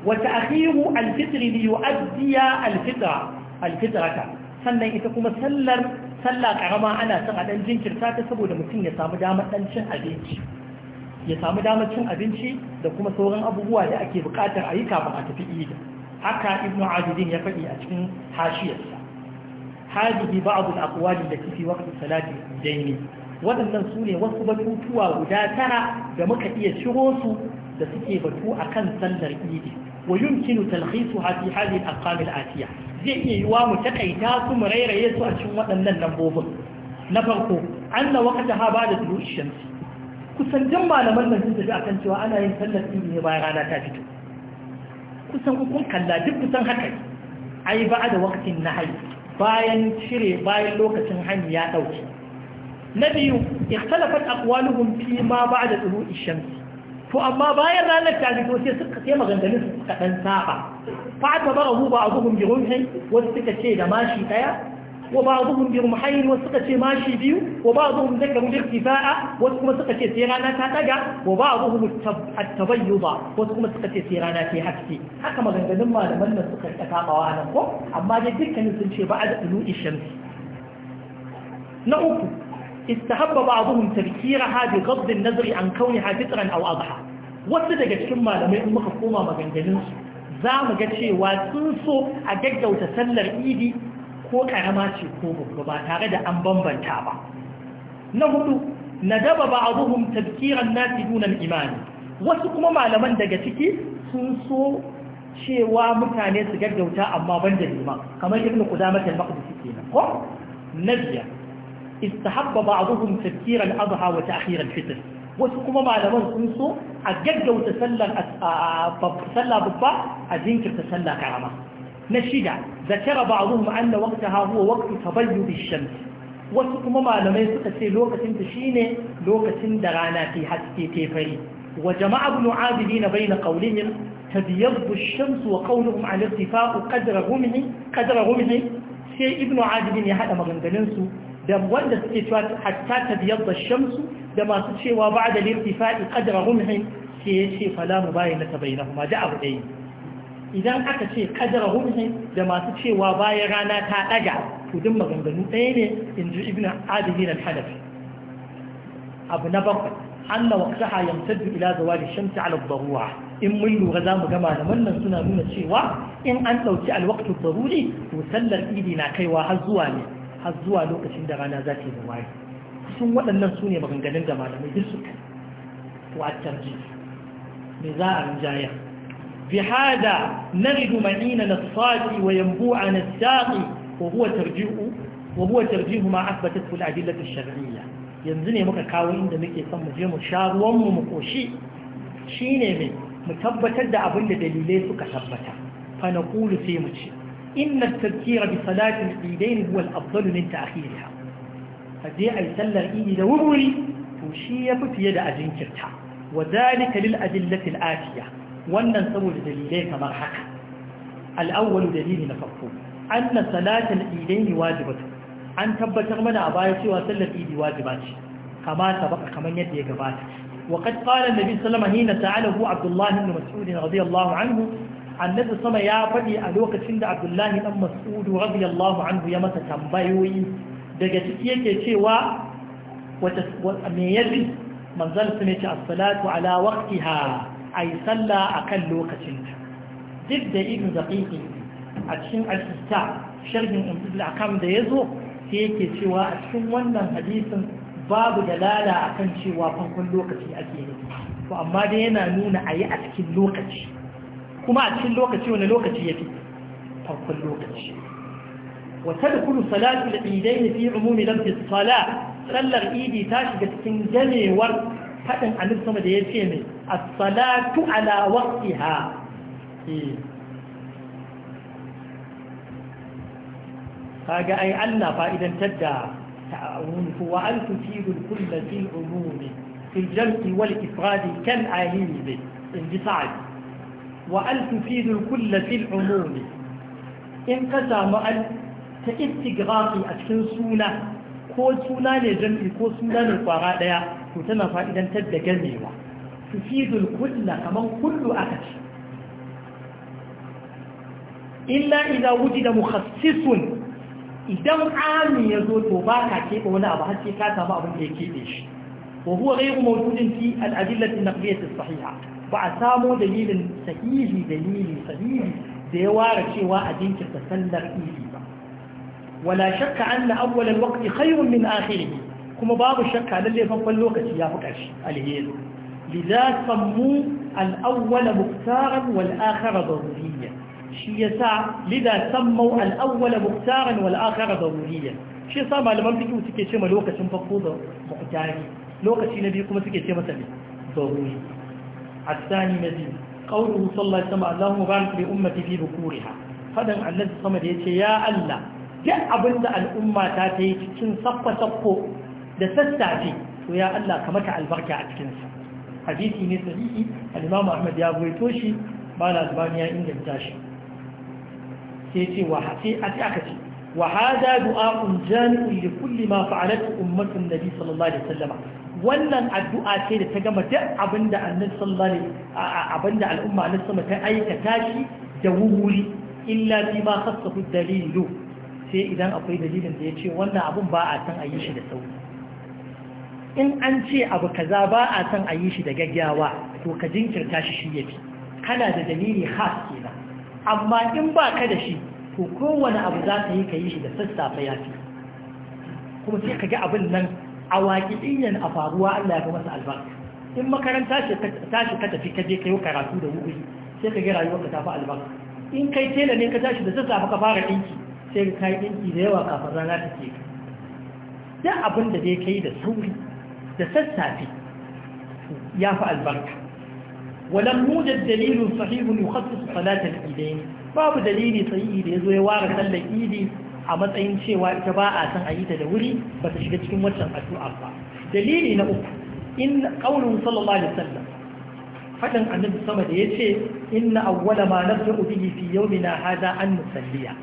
alfitri الفطر ليؤدي الفطرة الفطرة sannan ita kuma sallar sallah karama ana son a dan jinkirta ta saboda mutum ya samu damar dan cin abinci ya samu damar cin abinci da kuma sauran abubuwa da ake bukatar a yi kafin a tafi idi haka ibnu abidin ya faɗi a cikin hashiyarsa hadihi ba'd al-aqwal allati fi waqt salati daini waɗannan su sune wasu batutuwa guda tara da muka iya ciro su da suke batu akan sallar idi ويمكن تلخيصها في هذه الأرقام الآتية زي يوام تقيتاكم غير يسوى شموة أن النبوب نفرقوا أن وقتها بعد طلوع الشمس كسن جمع لمن من تنتجع تنتوى أنا ينسلت إني بايرانا تاجد كسن أكون كلا جب كسن هكي أي بعد وقت النهي باين شري باين لوكة هن يا أوتي نبي اختلفت أقوالهم فيما بعد طلوع الشمس to amma bayan ranar ta fito sai suka sai maganganun su suka dan saba fa ta bara hu ba abuhum bi rumhin wasu suka ce da mashi daya Ko ba abuhum bi rumhain wasu suka ce mashi biyu Ko ba abuhum zaka mu irtifa'a wasu kuma suka ce sai rana ta daga Ko ba abuhum at-tabayyuda wasu kuma suka ce sai rana ta haske haka maganganun malaman nan suka ta kabawa nan ko amma dai dukkanin sun ce ba a da ulu ishamsi na uku istahabba ba'dhum tafkiraha bi ghadd an-nazri an kawniha fitran aw adha wasu daga cikin malamai in muka koma maganganun su za mu ga cewa sun so a gaggauta sallar idi ko karama ce ko babba ba tare da an bambanta ba na hudu nadaba ba'dhum tafkiran nasi duna al-iman wasu kuma malaman daga ciki sun so cewa mutane su gaggauta amma ban da liman kamar ibn qudamah al-maqdisi kenan ko nabiya istahabba ba'dhum tafkir al-adha wa ta'khir al-fitr wasu kuma malaman sun so a gaggauta sallar sallah babba a jinkirta sallah karama na shida zakara ba'dhum anna waqtaha huwa waqtu tabayyud ash-shams wasu kuma malamai suka ce lokacin ta shine lokacin da rana ke haske ta fari وجمع ابن عابدين بين قولهم تبيض الشمس وقولهم عن ارتفاع قدر غمه قدر غمه سي ابن عابدين يحدى مغنغننسو da wanda suke cewa hatta ta biyar da shamsu da masu cewa ba da lirtifa'i kadara rumhin ke ya ce fala mu bayan na tabai rahama da abu ɗaya idan aka ce kadara rumhin da masu cewa bayan rana ta ɗaga kudin maganganu ɗaya ne in ji ibn adilin al-halafi abu na bakwai anna waqtaha yamtaddu ila zawali shamsi ala ad in mun lura za mu gama da wannan suna nuna cewa in an ɗauki al-waqtu daruri to sallar idi na kaiwa har zuwa ne har zuwa lokacin da rana za ta yi waye sun waɗannan sune ne da malamai duk su wacar ji mai za a rinjaya Bihada, hada na rigumani na nasfati wa yambu a nasdaƙi wa huwa tarjihu ma asibata kula adilata shari'a yanzu ne muka kawo inda muke son muje mu sha ruwanmu mu koshi shi ne mai mu tabbatar da abin da dalilai suka tabbata fa na kulu sai mu ce إن التذكير بصلاة العيدين هو الأفضل من تأخيرها فدي أي سلر إيدي دوري توشي فتيد أجنكرتها وذلك للأدلة الآتية وأن نسوي دليلين كما حكى الأول دليل نفقه أن صلاة العيدين واجبة أن تبتغ من أبايتي وسلر إيدي واجباتي كما سبق كمن يدي قباتي وقد قال النبي صلى الله عليه وسلم حين سأله عبد الله بن مسعود رضي الله عنه annabi sama ya faɗi a lokacin da abdullahi dan mas'udu radiyallahu anhu ya masa tambayoyi daga ciki yake cewa wata me yaji manzal sun ce as-salatu ala waqtiha ay salla akan lokacin duk da ibn zaqiqi a cikin al sharhin umdul akam da yazo sai yake cewa a cikin wannan hadisin babu dalala akan cewa farkon lokaci ake yi to amma dai yana nuna a yi a cikin lokaci kuma a cikin lokaci wani lokaci ya fi farkon lokaci wata da kudu salatu da idai ne fi umumi don fi sala sallar idi ta shiga cikin ganewar faɗin amir sama da ya ce mai a salatu ala waqtiha kaga ai Allah fa'idantar da ta'awun huwa an tufidu kullu fil umumi fil jam'i wal ifradi kan ahimi in ji sa'ad wa’al tufidu kullafin umuri in ka samu al ta istigrafi a cikin suna ko suna ne jami’i ko suna ne kwara ɗaya to tana fa’idantar da ganewa tufidu kulla kamar kullu aka ce illa iza wuji da mukhassisun idan ami ya zo to baka ka keɓe wani abu har ka samu abin da ya keɓe shi wa huwa rai umar tudin fi al'adillatin na fiye ta sahiha ba a samo dalilin sahihi dalili sahihi da ya ware cewa a jinkirta sallar idi ba wala shakka na awwal alwaqti khayrun min akhirih kuma babu shakka lalle farkon lokaci ya fi karshe alheri lidha sammu al-awwal mukhtaran wal akhir daruriyya shi yasa lidha sammu al-awwal mukhtaran wal akhir daruriyya shi yasa malaman fiqh suke ce ma lokacin farko da mukhtari lokaci na biyu kuma suke ce masa ne daruri الثاني قوله صلى الله عليه وسلم اللهم بارك لأمتي في بكورها فدن الذي صمد يتي يا الله جاء بند الأمة تاتي تكين صفة صفة دستاتي ويا الله كمك البركة أتكنس حديثي نسليه الإمام أحمد يابوي توشي بالا أسبانيا إن جمتاشي سيتي وحسي أتأكسي وهذا دعاء جامع لكل ما فعلته أمة النبي صلى الله عليه وسلم wannan addu'a ce da ta gama duk abinda annabi sallallahu abinda al'umma annabi sama ta aikata shi da wuri illa bi ma khassahu dalilu sai idan akwai dalilin da yace wannan abun ba a san yi shi da sauri in an ce abu kaza ba a san yi shi da gaggawa to ka jinkirta shi shi yafi kana da dalili khas kenan amma in ba ka da shi to kowane abu za ka yi ka yi shi da sassafe yafi kuma sai ka ga abin nan a waƙiɗiyan a faruwa Allah ya fi masa albarka in makaranta tashi ka tafi ka je ka yi karatu da wuri sai ka ga rayuwar ka tafi albarka in kai tela ne ka tashi da zazzafa ka fara ɗinki sai ka kai ɗinki da yawa kafin rana ta ke duk abin da dai kai da sauri da sassafe ya fi albarka walam mujad dalilun sahihun yukhassis salatal idayn babu dalili sahihi da yazo ya ware sallar idi a matsayin cewa ita ba a san a yi ta da wuri ba ta shiga cikin wancan addu'a ba dalili na uku in ƙaunin sallallahu alaihi wasallam fadin annabi sama da yace inna awwala ma nabda'u bihi fi yawmina hada an musalliya.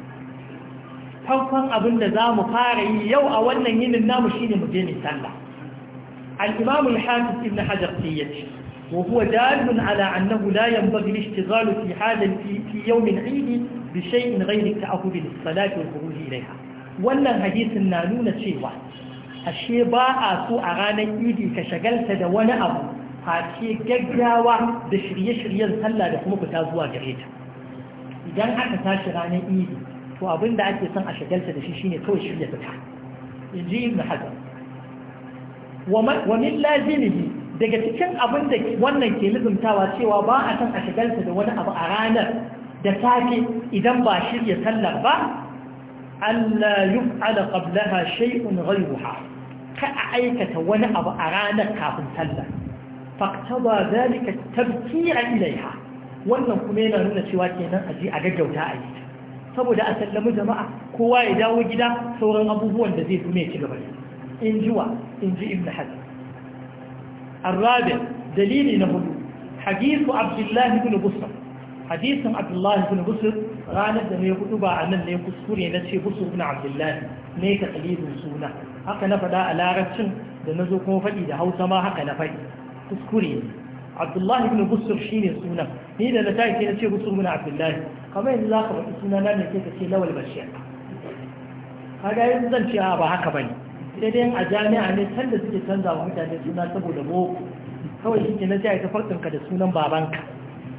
farkon abin da za mu fara yi yau a wannan yinin namu shine mu je ne sallah al-imam al-hafiz ibn hajar yace وهو دال على أنه لا ينبغي الاشتغال في هذا في يوم العيد بشيء غير التعهد للصلاة والخروج إليها wannan hadisin na nuna cewa ashe ba a so a ranar idi ka shagalta da wani abu face gaggawa da shirye-shiryen sallah da kuma fita zuwa gare ta idan aka tashi ranar idi to abin da ake son a shagalta da shi shine kawai shirya fita in ji ibn hajar wa min lazimihi daga cikin abin da wannan ke lizumtawa cewa ba a son a shagalta da wani abu a ranar da safe idan ba shirya sallar ba Allah yuf'ala qablaha shay'un ghayruha ka a aikata wani abu a ranar kafin sallar faqtaba zalika tabkiran ilaiha wannan kuma yana nuna cewa kenan aje a gaggauta a yi saboda a sallami jama'a kowa ya dawo gida sauran abubuwan da zai fi mai ci gaba in jiwa in ji ibn hazm الرابع دليل نهض حديث عبد الله بن بصر hadisin abdullahi bin busur ranar da mai hudu ba a nan ne kuskure na ce busur na abdullahi ne ka kalilin suna haka na faɗa a larabcin da na zo kuma faɗi da hausa ma haka na faɗi kuskure ne abdullahi bin busur shi ne sunan ni da na tashi na ce busur na abdullahi kamar yanzu za ka faɗi suna na ne ke ka ce lawal bashir kaga yanzu zan ce ba haka ba ne sai dai a jami'a ne can da suke canza wa mutane suna saboda boko kawai shi ke na ce a ta farkonka da sunan babanka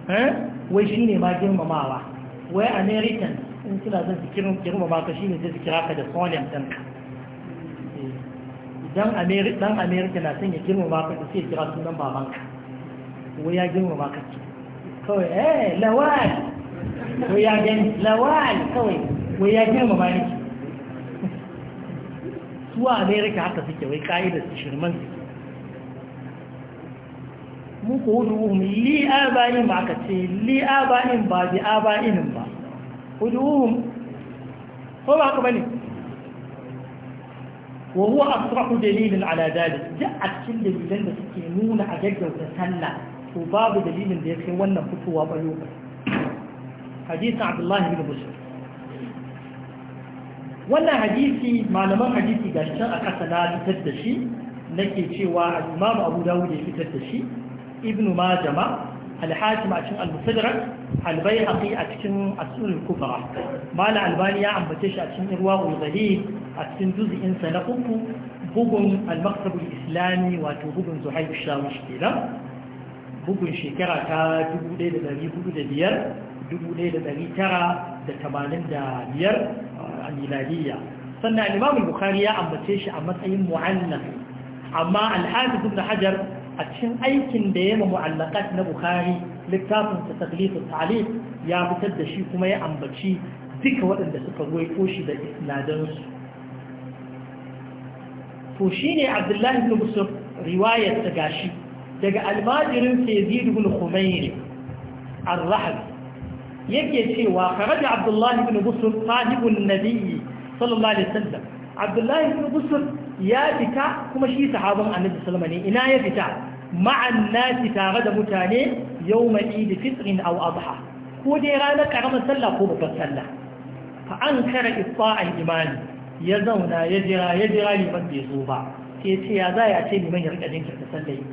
Eh? wai shi ne ma girmamawa wai american in suna zan su girmama ka shi ne zai su kira ka da sonim ɗinka eh. idan ɗan america na son ya girmama ka da sai kira sunan babanka wai ya girmama ka ce kawai eh lawal wai ya gani lawal kawai wai ya girmama ne su a america haka suke wai ka'idar su shirman su mu ku huduhum li aba'in ba aka ce li aba'in ba bi aba'inin ba huduhum ko ba haka bane wa huwa asrahu dalilin ala dalik duk a dalilan da suke nuna a gaggauta sallah to babu dalilin da ya kai wannan fitowa ba yau hadisin abdullahi bin musa wannan hadisi malaman hadisi ga shi a ƙasa na fitar da shi nake cewa imamu abu dawud ya fitar da shi ibn majama alhakim a cikin al-musadrak albayhaqi a cikin asul kubra mala albani ya ambace shi a cikin irwa ulzahid a cikin juz'in sa na uku bugun al-maktab al-islami wato bugun zuhair shawish kenan bugun shekara ta 1405 1985 a miladiyya sannan imam bukhari ya ambace shi a matsayin mu'allaf amma al-hafiz ibn hajar a cikin aikin da ya ma mu'allaqat na bukhari littafin sa taglifu ta'liq ya fitar da shi kuma ya ambaci duka waɗanda suka ruwaito shi da isnadansu to shine abdullahi ibn busr riwayar ta gashi daga almajirin sayyid ibn khumairi ar-rahbi yake cewa kharaja abdullahi ibn busr sahibun nabi sallallahu alaihi wasallam abdullahi ibn busr ya fita kuma shi sahabban annabi sallama ne ina ya fita ma'an nasi tare da mutane yau mai idi fitrin au adha ko dai ranar karamar sallah ko babbar sallah fa an kara ifa'an imani ya zauna ya jira ya jira liman bai zo ba sai ce ya za ya ce liman ya rika jinkirta sallah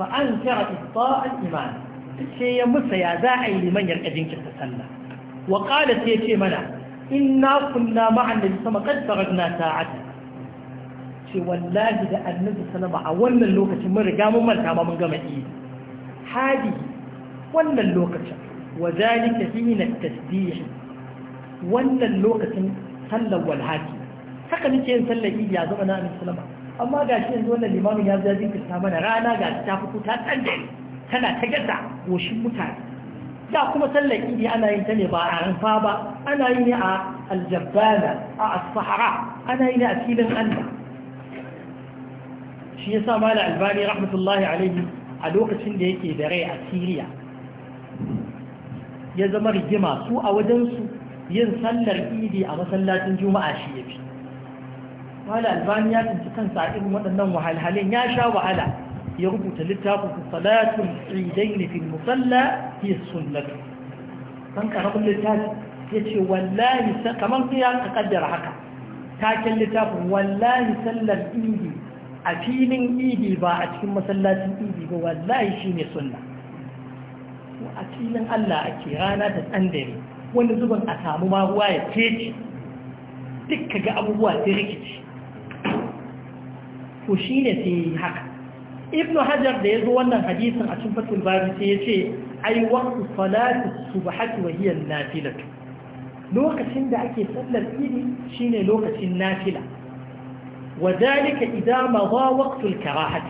fa an kara ifa'an imani sai ya musa ya za a yi liman ya rika jinkirta sallah wa qala sai ce mana inna kunna ma'an nabi sama qad faragna ta'ata ce wallahi da annabi salama a wannan lokacin mun riga mun manta mun gama yi hadi wannan lokacin wa zalika hina tasbih wannan lokacin sallar walhati haka nake yin sallar idi ya zama na annabi salama amma ga shi yanzu wannan limamin ya zaji kirta mana rana ga ta fito ta tsanda tana ta gaza goshin mutane da kuma sallar idi ana yin ta ne ba a rumfa ba ana yi ne a aljabbala a asfahara ana yi ne a filin allah shi ya sa mala albani rahmatullahi alaihi a lokacin da yake da rai a siriya ya zama rigima su a wajensu yin sallar idi a masallacin juma'a shi ya fi mala albani ya tunci kansa a irin waɗannan wahalhalin ya sha wahala ya rubuta littafin salatun idaini fil musalla fi sunnatu kan karamin littafi ya ce wallahi kamar ya kaddara haka taken littafin wallahi sallar idi a filin idi ba a cikin masallacin idi ba wallahi shi ne sunna a filin Allah ake rana ta tsandare wani zubin a samu maruwa ruwa ya tece duk ga abubuwa sai rikici ko shi ne sai yi haka ibnu hajar da ya zo wannan hadisin a cikin fatul babu sai ya ce ai su ba haki wa hiya nafilatu lokacin da ake sallar idi shine lokacin nafila وذلك إذا مضى وقت الكراهة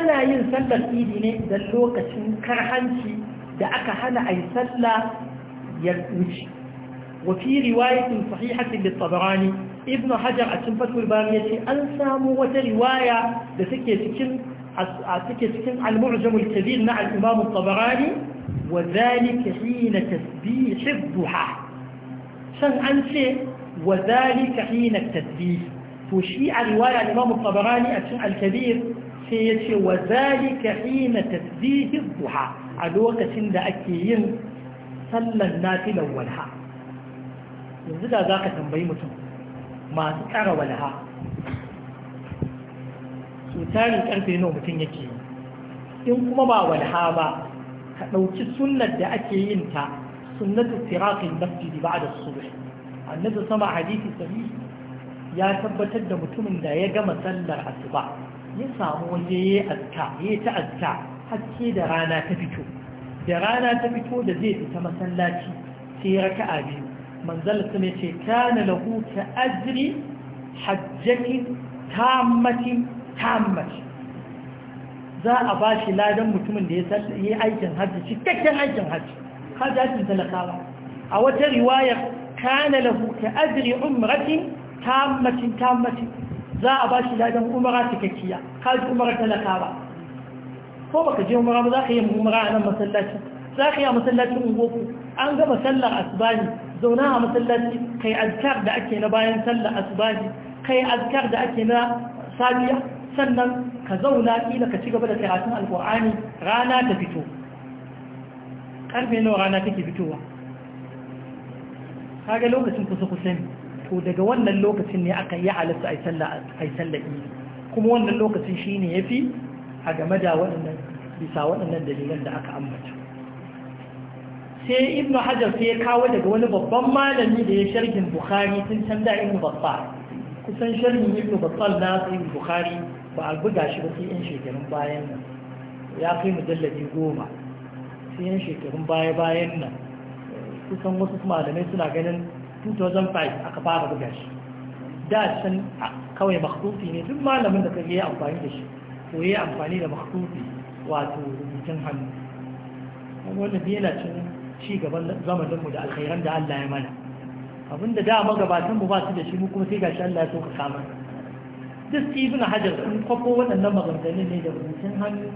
أنا ينسل الإيدين دلوك اللوكة كرهنشي دعك هنا أي سلة يلوشي وفي رواية صحيحة للطبراني ابن حجر أتنفت البارية أنسامو وترواية لسكي سكين سكن المعجم الكبير مع الإمام الطبراني وذلك حين تسبيح الضحى شن أنشي وذلك حين التسبيح to shi a riwaya Imam mamu tsabarani a cin alkabir sai yace ce wa zalika hina tasbihin duha a lokacin da ake yin sallan nafilan walha yanzu da za ka tambayi mutum masu tsara walha su tarin karfe nawa mutum yake yi in kuma ba walha ba ka ɗauki sunnar da ake yin ta sunnatu firaqin masjidi ba'da subh annabi sama hadisi sahihi ya tabbatar da mutumin da ya gama sallar asuba ya samu waje ya yi azka ya yi ta azka haske da rana ta fito da rana ta fito da zai fita masallaci sai raka'a biyu manzal sun ce ta kana lahu ka ajri hajjatin tammatin tammati za a ba shi ladan mutumin da ya yi aikin hajji cikakken aikin hajji hajjajin talakawa a wata riwayar ta kana lahu ka ajri umratin tammacin tammacin za a ba shi ladan umara cikakkiya kaji umara talaka ba ko baka je umara ba za ka yi umara a nan masallaci za ka yi a masallacin ungoku an gama sallar asibani zauna a masallaci kai azkar da ake na bayan sallar asibani kai azkar da ake na safiya sannan ka zauna ila ka ci gaba da karatun alkur'ani rana ta fito karfe nawa rana take fitowa ga lokacin kusa kusa ne to daga wannan lokacin ne aka yi halatta a yi kuma wannan lokacin shi ne ya fi a game da waɗannan bisa waɗannan dalilan da aka ambata sai Ibn hajar sai ya kawo daga wani babban malami da ya shargin bukhari tun can da ibnu babba kusan sharhin ibn babban na ibnu bukhari ba a buga shi ba sai yan shekarun bayan nan ya kai goma sai yan shekarun baya bayan nan kusan wasu malamai suna ganin 2005 aka fara buga shi da can kawai makhdufi ne duk malamin da ka yi amfani da shi ko yi amfani da makhdufi wato rubutun hannu wanda biya na cin ci gaban zamaninmu da alkhairan da Allah ya mana abinda da magabatan mu ba su da shi mu kuma sai gashi Allah ya so ka kama duk ibn hajar sun kwafo waɗannan maganganun ne da rubutun hannu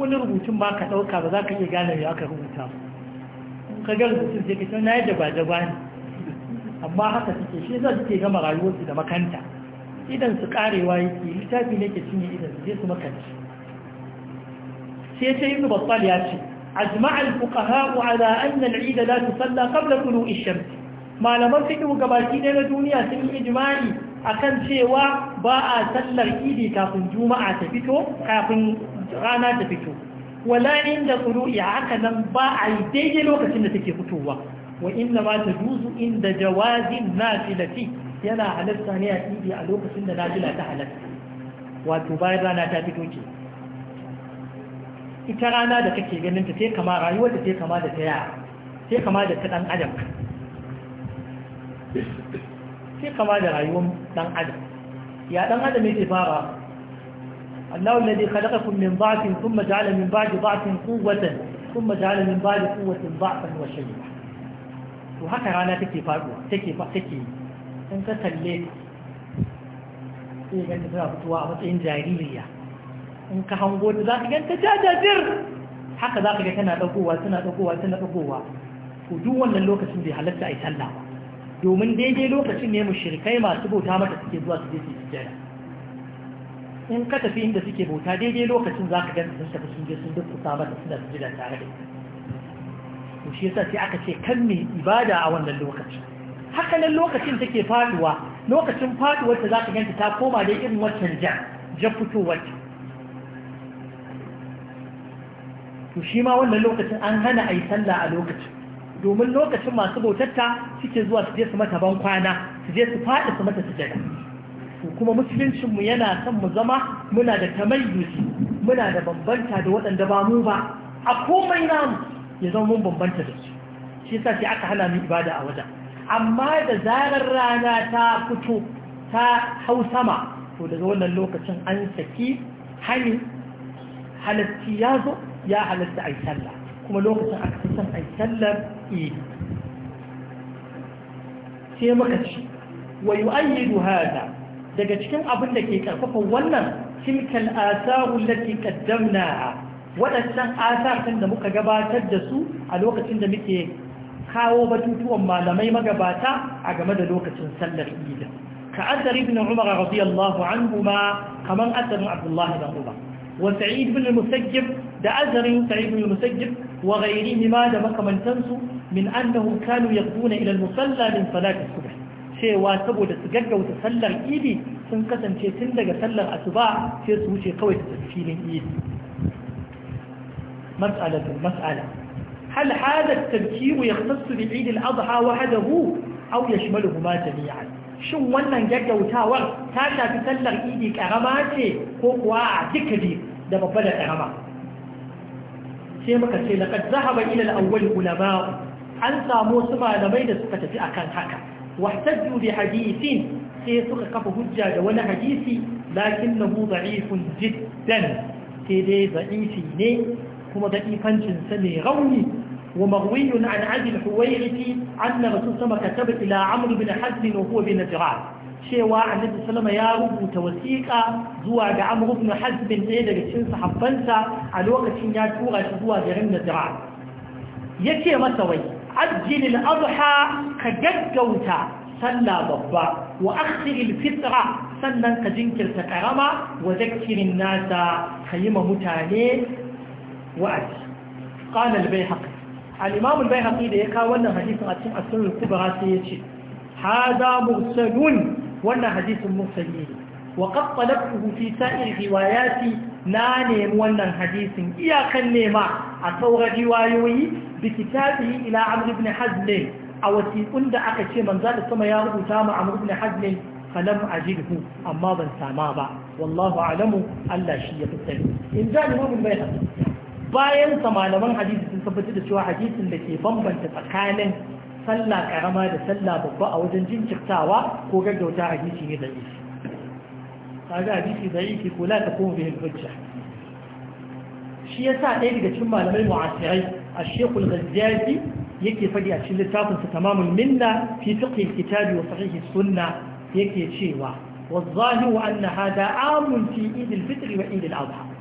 wani rubutun ba ka ɗauka ba za ka iya gane me aka rubuta ka ga rubutun sai ka san na yadda ba da bani amma haka suke shi za su ke gama rayuwarsu da makanta idan su karewa yake littafi ne ke cinye idan su je su makanci sai ce ibn battal ya ce ajma'a al-fuqaha a anna al-eid la tusalla qabla tulu'i ash-shams malaman fiqh gabaki ɗaya na duniya sun yi a kan cewa ba a sallar idi kafin juma'a ta fito kafin rana ta fito wala inda a haka nan ba a yi daidai lokacin da take fitowa wa inna ma ta juzu inda jawazin nafilati yana halatta ne a idi a lokacin da nafila ta halatta wato bayan rana ta fito ke ita rana da kake ganin ta sai kama rayuwar da sai kama da ta yara sai kama da ta dan adam sai kama da rayuwar dan adam ya ɗan adam yake fara Allah alladhi khalaqakum min dha'fin thumma ja'ala min ba'di dha'fin quwwatan thumma ja'ala min ba'di quwwatin dha'fan wa shay'an to haka rana take faɗuwa take take in ka kalle sai ganta tana fitowa a matsayin jaririya in ka hango ta za ka ganta jajajir haka za ka ga tana ɗagowa tana ɗagowa tana ɗagowa to duk wannan lokacin bai halatta a yi sallah ba domin daidai lokacin ne mushrikai masu bauta mata suke zuwa su je su sujjada in ka tafi inda suke bauta daidai lokacin za ka ganta sun tafi sun je sun duk dukkusa mata suna sujjada tare da ita to shi yasa sai aka ce kan me ibada a wannan lokacin haka nan lokacin take faduwa lokacin faduwar ta zaka ganta ta koma da irin wannan ja ja fitowar to shi ma wannan lokacin an hana ayi sallah a lokacin domin lokacin masu bautatta suke zuwa su je su mata ban kwana su je su faɗi su mata sujada kuma musuluncinmu yana son mu zama muna da tamayyuzi muna da bambanta da waɗanda ba mu ba a komai namu ya zama mun bambanta da su shi yasa sai aka hana mu ibada a wajen amma da zarar rana ta fito ta hau sama to daga wannan lokacin an saki hani halatti ya zo ya halatta a sallah kuma lokacin aka fi son a sallar idi sai muka ci wa yu'ayyidu hada daga cikin abin da ke karfafa wannan tilkal asaru lati a. waɗannan asarkan da muka gabatar da su a lokacin da muke kawo batutuwan malamai magabata a game da lokacin sallar idi ka ibn umar radiyallahu anhu ma kaman asarin abdullahi ibn umar wa sa'id ibn musajjib da asarin sa'id ibn musajjib wa ghairihi da makamantansu min annahum kanu yaquna ila al-musalla min salati subh cewa saboda su gaggauta sallar idi sun kasance tun daga sallar asuba sai su wuce kawai ta tafi filin idi مسألة مسألة هل هذا التذكير يختص بعيد الأضحى وحده أو يشملهما جميعا شو ونن جاكو تاور تاتا تسلغ إيدي أغماتي هو عدك دي دم بلا أغما سيمك سي لقد ذهب إلى الأول علماء أنسى موسى ما لميد سكت في أكان حكا واحتجوا بحديث سي قف فهجا جوانا حديثي لكنه ضعيف جدا ضعيف ضعيفي kuma da ifancin sa mai rauni wa marwiyun an abi al-huwayriti anna rasul sama kataba ila amr bin hazm na huwa bin najran cewa annabi salama ya rubuta wasiƙa zuwa ga amr ibn hazm ɗaya daga cikin sahabbansa a lokacin ya tura shi zuwa garin najran yace masa wai ajjilil al-adha ka gaggauta sallah babba wa akhiril fitra sannan ka jinkirta karama wa zakirin nasa ka yi ma mutane wa'azi qala bai bayhaqi al bai haƙi da ya kawo wannan hadisin a cikin as kubara kubra sai ya ce hada mursalun wannan hadisin mursali ne wa qad talabtuhu fi sa'ir riwayati na nemi wannan hadisin iyakan nema a sauran riwayoyi bi kitabi ila amr ibn hazm a wasiqun da aka ce manzo da sama ya rubuta mu amr ibn hazm falam ajidhu amma ban sama ba wallahu a'lamu Allah shi ya fi sani in za ni mu bai bayansa malaman hadisi sun sabbata da cewa hadisin da ke bambanta tsakanin sallah karama da sallah babba a wajen jinkirtawa ko gaggauta hadisi ne da yake kaga hadisi da yake ko la ta kuma bi hujja shi yasa ɗaya daga cikin malamai mu'asirai a shekul gazzazi yake fadi a cikin littafin sa tamamul minna fi fiqhil kitabi wa sahihi sunna yake cewa wa zahiru anna hada amun fi idil wa idil adha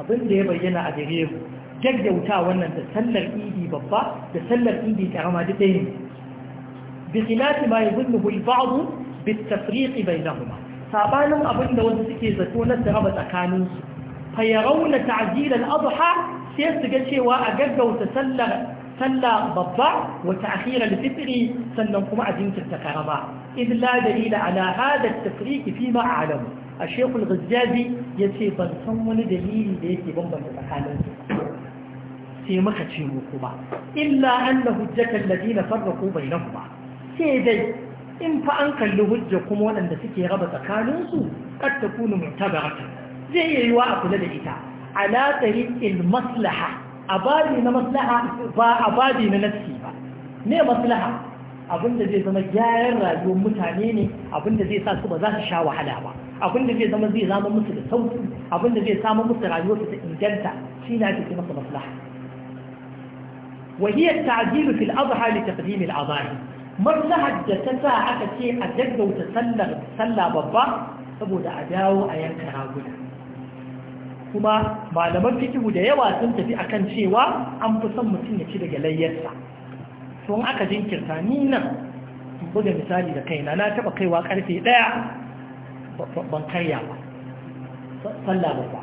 abin da ya bayyana a gare mu gaggauta wannan da sallar idi babba da sallar idi karama da ɗaya ne bi khilafi ma yuzunnuhu al-ba'd bi at-tafriq bainahuma sabanin abin da wasu suke zato na da raba tsakanin su fa yarawna ta'jil al-adha sai su ga cewa a gaggauta sallar sallah babba wa ta'khir al-fitr sannan kuma a jinkirta karama illa dalila ala hada at-tafriq fi ma a shekul gajjabi ya ce ban san wani dalili da yake bambanta tsakanin su sai muka ce mu kuma illa an da hujjatar ladina farraku bai nahu ba. sai dai in fa an kalli hujja kuma waɗanda suke raba tsakaninsu kad ta kunu tabarata. zai iya yiwa a kula da ita ala tariqil maslaha abadi na maslaha ba abadi na nafsi ba ne maslaha abinda zai zama gyaran rayuwar mutane ne abinda zai sa su ba za su sha wahala ba abin da zai zama zai zama musu da sauki abin da zai samu musu rayuwarsu ta inganta shi na ake masa maslaha وهي التعجيل في da ta الأضاحي مصلحة جسسة أكتي أجد وتسلغ تسلى ببا saboda a dawo a yanka raguna kuma malaman fikihu da yawa sun tafi akan cewa an fi son mutum ya ci daga layyarsa to aka jinkirta ni nan buga misali da kaina na taba kaiwa karfe ɗaya ban karya ba sallah ba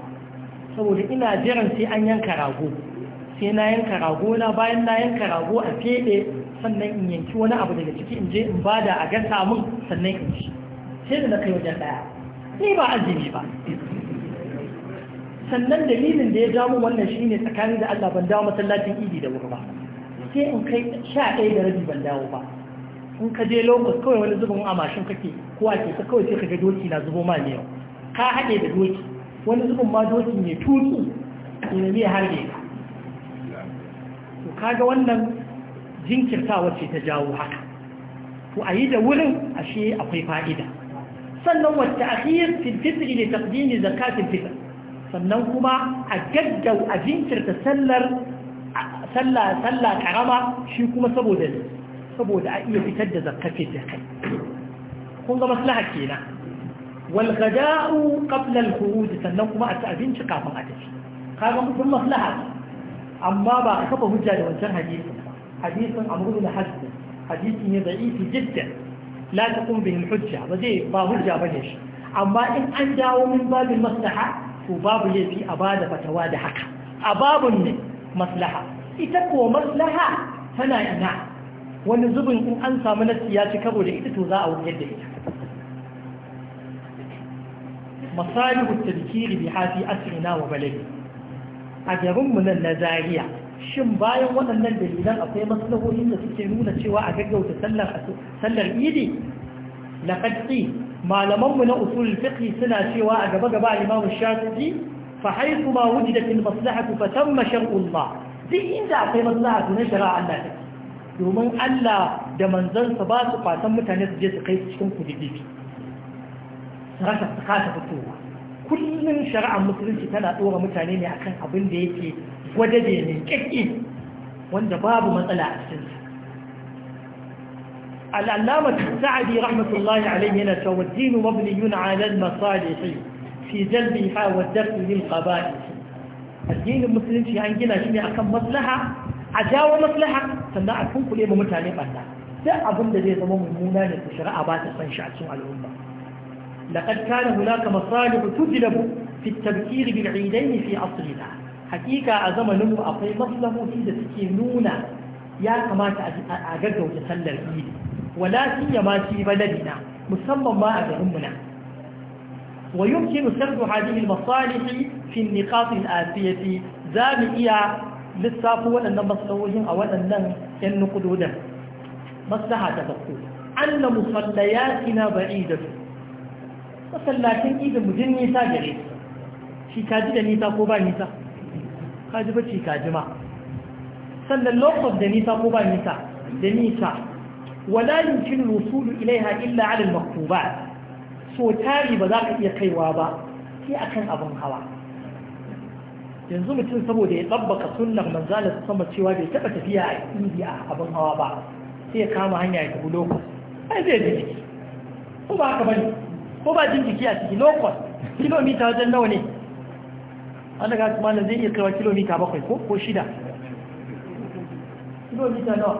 saboda ina jiran sai an yanka rago sai na yanka rago na bayan na yanka rago a fede sannan in yanki wani abu daga ciki in je in bada a gasa mun sannan in ci sai da na kai wajen daya ni ba azumi ba sannan dalilin da ya jamu wannan shine tsakanin da Allah ban dawo masallacin idi da wuri ba sai in kai sha ɗaya da rabi ban dawo ba in ka je lokos kawai wani zubin a mashin kake kowa a keke kawai sai ka ga doki na zubo ma miyau ka haɗe da doki wani zubin ma doki ne tutsu ne ne harbe ka to kaga wannan jinkirtawa ce ta jawo haka to a yi da wurin ashe akwai fa'ida sannan wata akhir fil fitri li taqdim zakatil fitr sannan kuma a gaggau a jinkirta sallar sallah sallah karama shi kuma saboda saboda a iya fitar da zakafin da kai kun ga maslaha kenan wal gada'u qabla al khuruj sannan kuma a ci abinci kafin a tafi kaga mutum maslaha amma ba a kafa hujja da wancan hadisi hadisin amru da hadd hadisi ne da'ifi jidda la taqum bihi al hujja ba zai ba hujja bane shi amma in an dawo min babin maslaha to babu laifi a bada fatawa da haka a babun ne maslaha ita ko maslaha tana ina wani zubin in an samu nasi ya ci karo da ita to za a wuyar da ita masalihu tadkiri bi hafi asrina wa baladi a garin mu nan na Zariya, shin bayan waɗannan dalilan akwai maslahohin da suke nuna cewa a gaggauta sallar sallar idi laqad malaman mu na usul fiqh suna cewa a gaba gaba Imam Shafi'i fa haythu ma wujidat al maslahatu fa tamma shar'u Allah duk inda akwai maslahatu na shari'a Allah domin Allah da manzansa basu su fatan mutane su je su kai cikin ku dibibi sarasa su kasa fitowa kullum shari'ar musulunci tana tsora mutane ne akan abin da yake gwada da ne kyakki wanda babu matsala a cikin su al'allama sa'adi rahmatullahi alaihi yana cewa dinu mabni yuna alal masali sai fi jalbi ha wa dafi lil qaba'i addinin musulunci an gina shi ne akan maslaha a jawo maslaha sannan a kunkule ma mutane banda sai abin da zai zama mummuna ne ku shari'a ba ta san shi a cikin al'umma laqad kana hunaka masalih tujlabu fi at-tabkir bil 'idayn fi asrina hakika a zamanin mu akwai maslahoci da suke nuna ya kamata a gaggauta sallar idi wala siyama fi baladina musamman ma a garin mu na ويمكن سرد هذه المصالح في النقاط za mu iya. lissafi waɗannan maslahohin a waɗannan ‘yan nukudodan maslaha ta farko an na ina ba'i da su masallacin idin mujin nisa gare shi kaji da nisa ko ba nisa kaji ba ci kaji ma sannan lokacin da nisa ko ba nisa da nisa wala yumkin wusulu ilaiha illa ala al-maktubat so tari ba za ka iya kaiwa ba sai akan abin hawa yanzu mutum saboda ya tsabbaka sunnar manzala su sama cewa bai taɓa tafiya a indiya abin hawa ba sai ya kama hanya ya tafi lokos ai zai ji jiki ko ba haka bane ko ba jin jiki a ciki lokos kilomita wajen nawa ne an daga su malam zai iya kaiwa kilomita bakwai ko ko shida kilomita nawa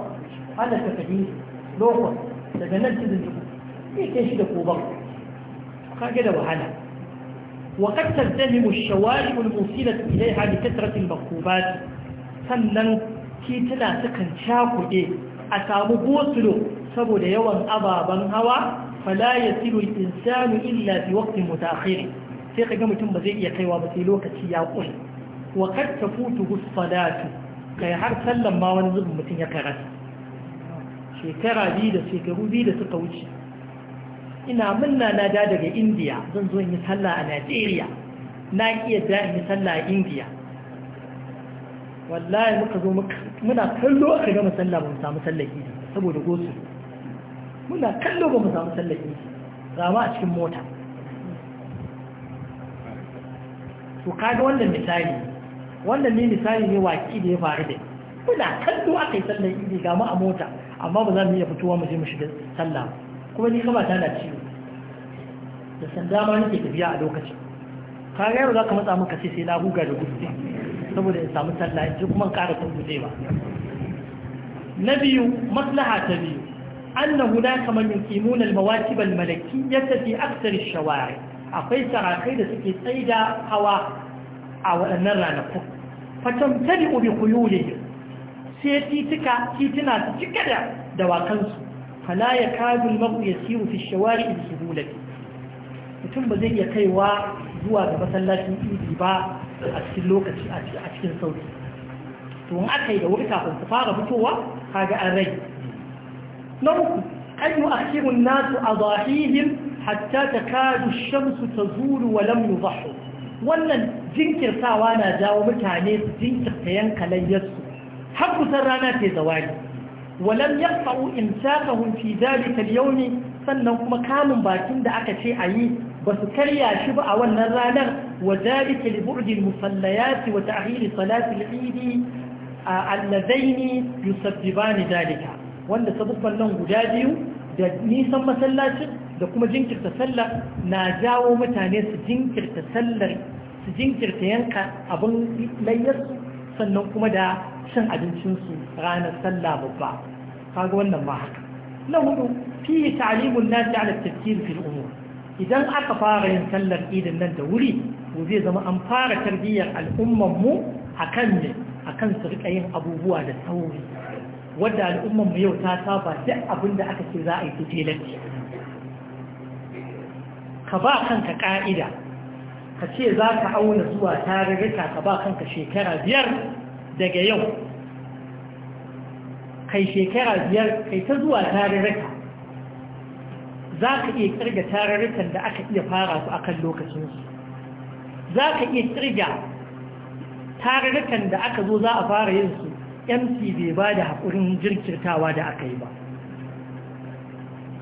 an da tafi lokos daga nan cikin jiki zai kai da ko bakwai kage da wahala da وقد تلتهم الشوارع الموصلة إليها لكثرة المركوبات sannan tituna sukan cakuɗe a samu gosulo saboda yawan ababen hawa fala ya tilo insanu illa fi waqtin mutaakhir sai ga mutum ba zai iya kaiwa ba sai lokaci ya ƙure wa kad tafutu salatu kai har sallan ma wani zubin mutum ya karasa shekara biyu da shekaru biyu da suka wuce ina munna na da daga indiya zan zo in yi sallah a najeriya na iya da in yi sallah a indiya wallahi muka zo muna kallo aka gama sallah ba mu samu sallah idi saboda gosu muna kallo ba mu samu sallah idi rama a cikin mota to kaga wannan misali wannan ne misali ne waki da ya faru da muna kallo aka yi sallah idi ga mu a mota amma ba za mu iya fitowa mu je mu shiga sallah ba kuma ni kaba tana ciwo da sanda ma nake tafiya a lokacin ka ga yau za ka matsa maka sai sai na huga da gudu saboda in samu sallah in ji kuma in ƙara san guje ba na biyu maslaha ta biyu anna hunaka man yuqimuna al-mawatib al-malakiyyah fi akthar ash-shawari akwai sarakai da suke tsaida hawa a waɗannan ranakun fatamtari bi khuyulihim sai titika titina su cika da dawakansu fala ya kadu al ya yasiru fi ash da bi suhulati mutum ba zai iya kaiwa zuwa ga masallacin idi ba a cikin lokaci a cikin to in aka yi da wuri kafin su fara fitowa kaga an rai na uku an yi akirun nasu a zahihim hatta ta kadu shamsu ta zuru wa lam yuzahu wannan jinkirtawa na jawo mutane su jinkirta yankalan layyarsu har kusan rana ta zawari walam yaqta'u in fi dhalika al-yawm sannan kuma kamun bakin da aka ce yi ba su karya shi ba a wannan ranar wa dhalika li bu'di wata musallayat wa ta'khir a al-eid alladaini yusabbibani wanda sabubban nan guda biyu da nisan masallacin da kuma jinkirta sallar na jawo mutane su jinkirta sallar su jinkirta yanka abin layyarsu sannan kuma da cin abincinsu ranar sallah babba kaga wannan ma haka na hudu da ta'limun nasi ala tafkir fil umur idan aka fara yin sallar idin nan da wuri to zai zama an fara tarbiyyar al'umman mu akan ne akan su rika yin abubuwa da sauri wadda al'umman mu yau ta saba duk abin da aka ce za a yi su ka ba kanka ka'ida ka ce za ka auna zuwa tarurruka ka ba kanka shekara biyar daga yau kai shekara biyar kai ta zuwa tarurruka za ka iya kirga tarurrukan da aka iya fara su a kan lokacinsu za ka iya kirga tarurrukan da aka zo za a fara yin su mc bai ba da haƙurin jirkirtawa da aka yi ba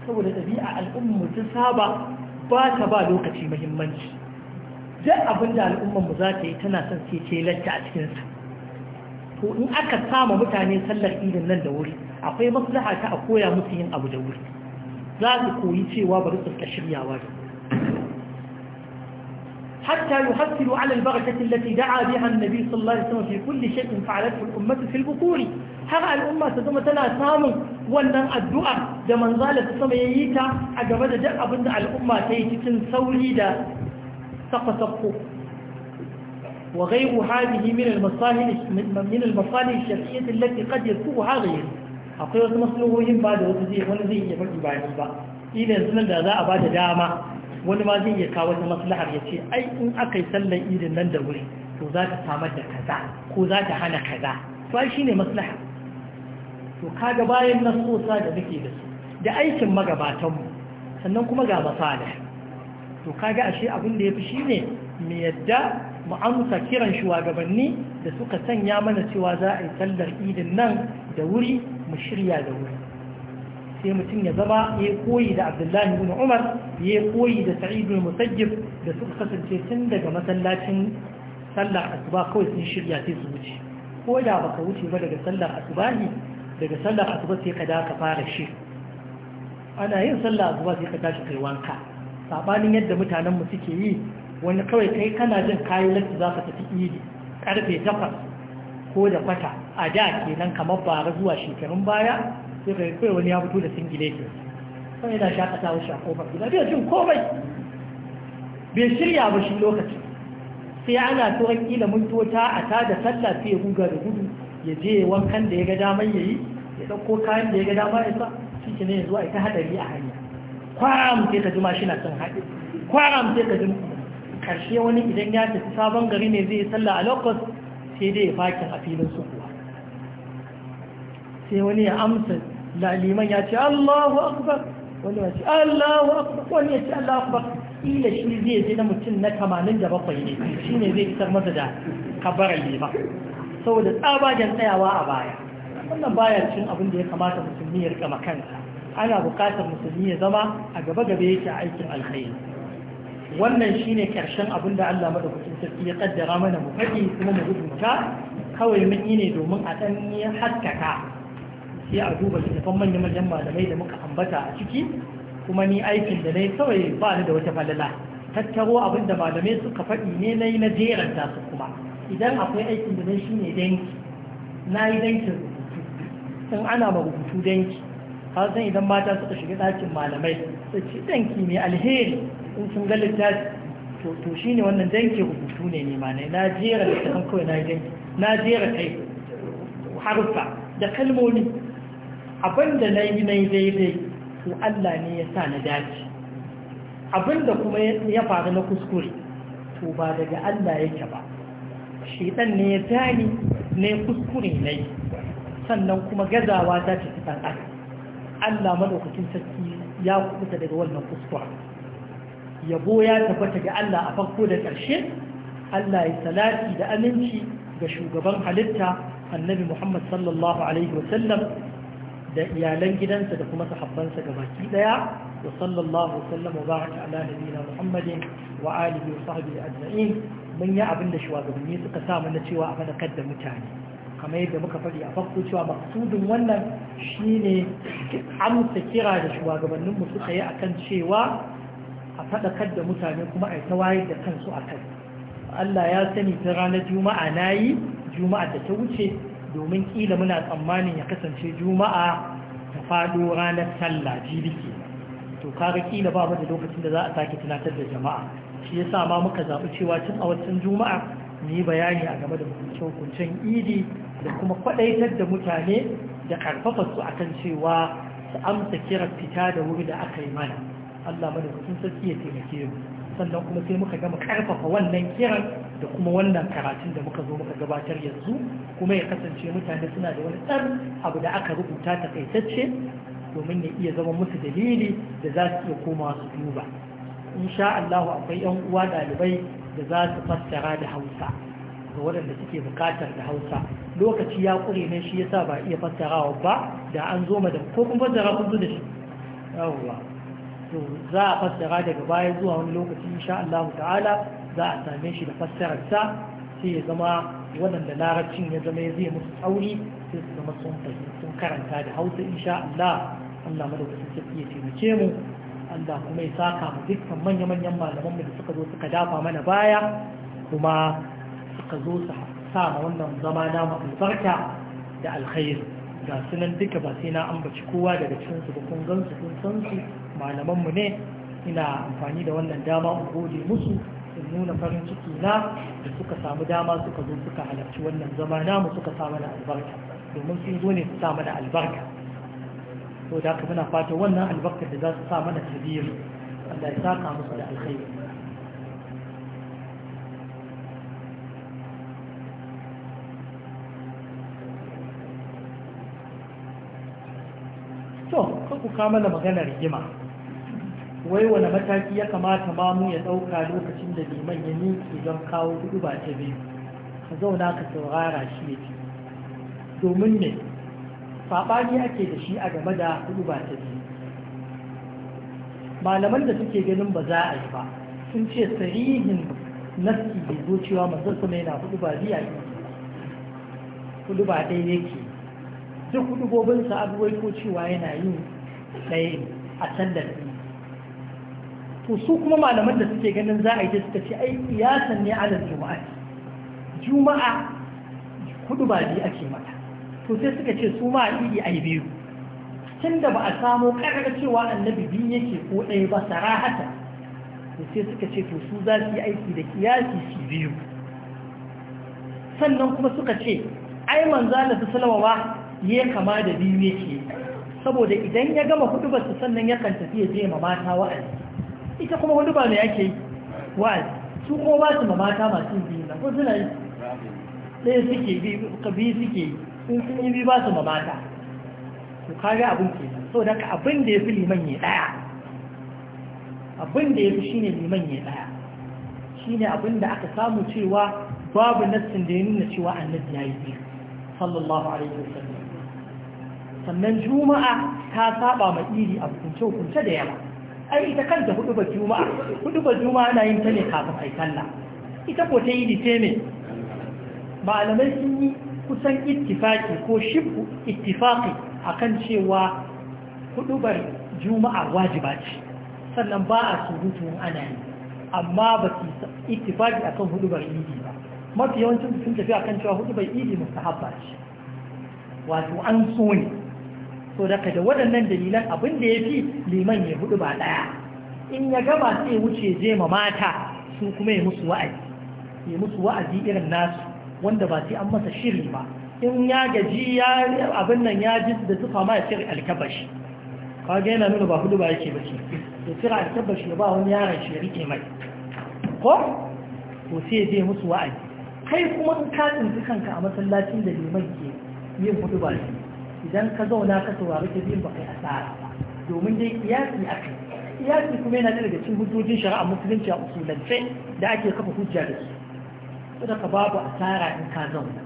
saboda ɗabi'a al'ummu ta saba ba ta ba lokaci muhimmanci duk abin da al'ummar mu za ta yi tana son sai ce a cikinsa to in aka sama mutane sallar idin nan da wuri akwai maslaha ta a koya musu yin abu da wuri za su koyi cewa bari su ka shiryawa da hatta yuhassilu ala albarakati allati da'a biha nabi sallallahu alaihi wasallam fi kulli shay'in fa'alathu al-ummatu fil bukuri har al'umma ta zama tana samun wannan addu'a da manzala ta sama yayi ta a gaba da duk abin da al'umma ta yi cikin sauri da sakwa-sakko wa gairu hadihi min al-masali shafiyyar lati kajiyar su hagaye akwai wasu maslohohin ba da wasu zai wani zai iya faɗi bayan ba idan sunan da za a ba da dama wani ma zai iya kawo wata maslahar ya ce ai in aka yi sallar idin nan da wuri to za ta samar da kaza ko za ta hana kaza to ai shine maslaha to kaga bayan nasosa da muke da su da aikin magabatanmu sannan kuma ga masala to kaga ashe abin da ya fi shi ne mai yadda mu amsa kiran shugabanni da suka sanya mana cewa za a yi sallar idin nan da wuri mu shirya da wuri sai mutum ya zama ya koyi da abdullahi bin umar ya koyi da sa'id bin musajjib da suka kasance tun daga masallacin sallar asuba kawai sun shirya sai su wuce ko da baka wuce ba daga sallar asuba ne daga sallar asuba sai ka da ka fara shi ana yin sallar asuba sai ka tashi kai wanka sabanin yadda mutanenmu suke yi wani kawai kai kana jin kayi latti za ka tafi idi karfe takwas ko da kwata a da ke nan kamar bara zuwa shekarun baya sai ka kai wani ya fito da singile ke sai yana shakatawa shi a kofar gida bai jin komai bai shirya ba shi lokacin sai ana turan kila mintota a ta da sallah sai ya guga da gudu ya je wankan da ya ga damar ya yi ya ɗauko kayan da ya ga damar ya sa shi ne yanzu a ita hadari a hanya kwaram sai ka ji ma shi na sun haɗe kwaram sai ka ji ƙarshe wani idan ya tafi sabon gari ne zai yi sallah a lokos sai dai ya fakin a filin su kuwa sai wani ya amsa laliman ya ce Allahu akbar wani ya ce Allahu akbar wani ya ce Allahu akbar ila shi zai je na mutum na tamanin da bakwai ne shi ne zai isar masa da kabarar lima saboda tsabagen tsayawa a baya wannan baya cin abin da ya kamata mutum ne ya rika makansa ana bukatar musulmi ya zama a gaba gaba yake a aikin alkhairi wannan shine karshen abin da Allah madaukakin sarki ya kaddara mana mu faɗi kuma mu rubuta kawai mun yi ne domin a ɗan haskaka sai a duba littafan manyan manyan malamai da muka ambata a ciki kuma ni aikin da nayi kawai ba ni da wata falala tattaro abin da malamai suka faɗi ne na yi na jeranta su kuma idan akwai aikin da nayi shine danki na yi dankin rubutu in ana ma rubutu danki har san idan mata suka shiga ɗakin malamai su ci danki ne alheri in sun ga littafi to shine wannan danki rubutu ne ne ma na jera kan kawai na danki na jera kai harufa da kalmomi abinda na yi na yi daidai to Allah ne ya sa na dace abinda kuma ya faru na kuskure to ba daga Allah yake ba shedan ne ya tani ne kuskure ne sannan kuma gazawa ta ce ta ɗan adam Allah madaukakin sarki ya kubuta daga wannan kuskura yabo ya tabbata ga Allah a farko da ƙarshe Allah ya salati da aminci ga shugaban halitta annabi Muhammad sallallahu alaihi wasallam da iyalan gidansa da kuma sahabbansa ga baki daya wa sallallahu sallama baraka ala nabiyina Muhammadin wa alihi wa sahbihi ajma'in mun yi abin da shugabanni suka sa mana cewa a fadakar da mutane kamar yadda muka faɗi a farko cewa maksudin wannan shine amsa kira da shugabanninmu suka yi akan cewa a faɗakar da mutane kuma a yi wayar da kansu a kai Allah ya sani ta ranar juma'a na yi juma'a da ta wuce domin ƙila muna tsammanin ya kasance juma'a ta faɗo ranar sallah jibi ke to kaga ƙila ba mu da lokacin da za a sake tunatar da jama'a shi yasa ma muka zaɓi cewa tun a wancan juma'a mu yi bayani a game da hukuncin idi da kuma kwadaitar da mutane da karfafa su kan cewa su amsa kiran fita da wuri da aka yi mana Allah madaukakin sarki ya taimake mu sannan kuma sai muka gama karfafa wannan kiran da kuma wannan karatun da muka zo muka gabatar yanzu kuma ya kasance mutane suna da wani ɗan abu da aka rubuta takaitacce domin ya iya zama musu dalili da za su iya komawa su duba insha Allah akwai yan uwa ɗalibai da za su fassara da Hausa ga waɗanda suke bukatar da Hausa lokaci ya ƙure ne shi yasa ba iya fassarawa ba da an zo ma da ko kun fassara kun zo da shi yawwa to za a fassara daga baya zuwa wani lokaci insha Allah ta'ala za a same shi da fassarar sa sai ya zama waɗanda larabcin ya zama ya zai musu tsauri sai su zama sun sun karanta da hausa insha Allah Allah madaukakin sarki ya taimake mu Allah kuma ya saka mu dukkan manya-manyan malaman mu da suka zo suka dafa mana baya kuma suka zo su sa ma wannan zama na albarka da alkhairi ga sunan duka ba sai na ambaci kowa daga cikin su kun gan kun san su malaman mu ne ina amfani da wannan dama in gode musu in nuna farin ciki na da suka samu dama suka zo suka halarci wannan zama namu suka sa mana albarka domin sun zo ne su sa mana albarka to da haka muna fata wannan albarkar da za su sa mana tabiri Allah ya saka musu da alkhairu. to ka ku kama da maganar rigima wai wani mataki ya kamata mu ya ɗauka lokacin da liman ya ninke don kawo hudu ba ta biyu ka zauna ka saurara shi ne domin ne saɓani ake da shi a game da hudu ba ta biyu malaman da suke ganin ba za a yi ba sun ce sarihin nassi bai zo cewa manzon na yana hudu ba biya hudu ba ɗaya yake duk sa an ko cewa yana yin ɗaya a sallar to su kuma malaman da suke ganin za a yi suka ce ai kiyasan ne alal juma'a juma'a kudu ba biyu ake mata to sai suka ce su ma a idi ai biyu tun da ba a samo karar cewa annabi biyu yake ko ɗaya ba sarahata to sai suka ce to su za su yi aiki da kiyasi su biyu sannan kuma suka ce ai manzo Allah sallallahu alaihi ya kama da biyu yake saboda idan ya gama hudu su sannan yakan tafi ya je ma mata wa'azi ita kuma hudu ba mai yake wa'azi su kuma ba su ma mata masu biyu na ko suna yi ɗaya suke biyu suke sun sun yi biyu ba su ma mata kaga abin ke saboda ka abin da ya fi liman ya ɗaya abin da ya fi shi ne liman ya ɗaya ne abin da aka samu cewa babu nassin da ya nuna cewa annabi ya yi biyu sallallahu alaihi wasallam sannan juma'a ta saba ma iri a hukunce-hukunce da yawa ai ita kanta hudu ba juma'a hudu ba juma'a na yin ta ne kafin a sallah ita ko ta yi ce ne malamai sun yi kusan ittifaki ko shibbu ittifaki akan cewa hudubar juma'a wajiba ce sannan ba a surutu ana yi amma ba su ittifaki akan hudubar idi ba mafi yawancin sun tafi akan cewa hudubar idi mustahabba ce wato an so ne so ka da waɗannan dalilan abin da ya fi liman ya hudu ba ɗaya in ya gama sai wuce je ma mata su kuma ya musu wa'azi ya musu wa'azi irin nasu wanda ba sai an masa shiri ba in ya gaji ya abin nan ya ji da tufa ma ya cire alkabashi kage yana nuna ba hudu ba yake ba ce ya cire alkabashi ba wani yaron shi ya rike mai ko to sai je musu wa'azi kai kuma in ka tsinci kanka a masallacin da liman ke yin hudu ba shi. idan ka zauna ka saurari ta biyun ba kai asara ba domin dai kiyasi aka kiyasi kuma yana daga cikin hujjojin shari'a musulunci a usulance da ake kafa hujja da su saboda ka babu asara in ka zauna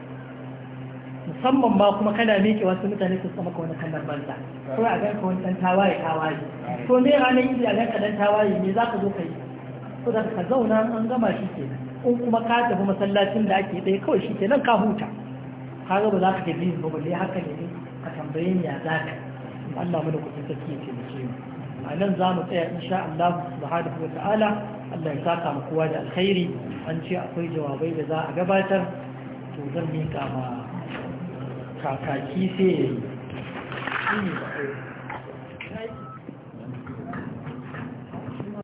musamman ba kuma kana miƙe wasu mutane su sama ka wani kallon banza ko a ganka wani ɗan tawaye tawaye to me ranar yi a ganka ɗan tawaye me za ka zo ka yi so da ka zauna an gama shi ke in kuma ka tafi masallacin da ake ɗaya kawai shi ke nan ka huta ka ga ba za ka ke biyu ba balle haka ne a tambaye ni ya zaka Allah mu da kuɗin sarki ya taimake a nan za mu tsaya insha Allah subhanahu wa ta'ala Allah ya saka mu kowa da alkhairi an ce akwai jawabai da za a gabatar to zan miƙa ma kakaki sai ya yi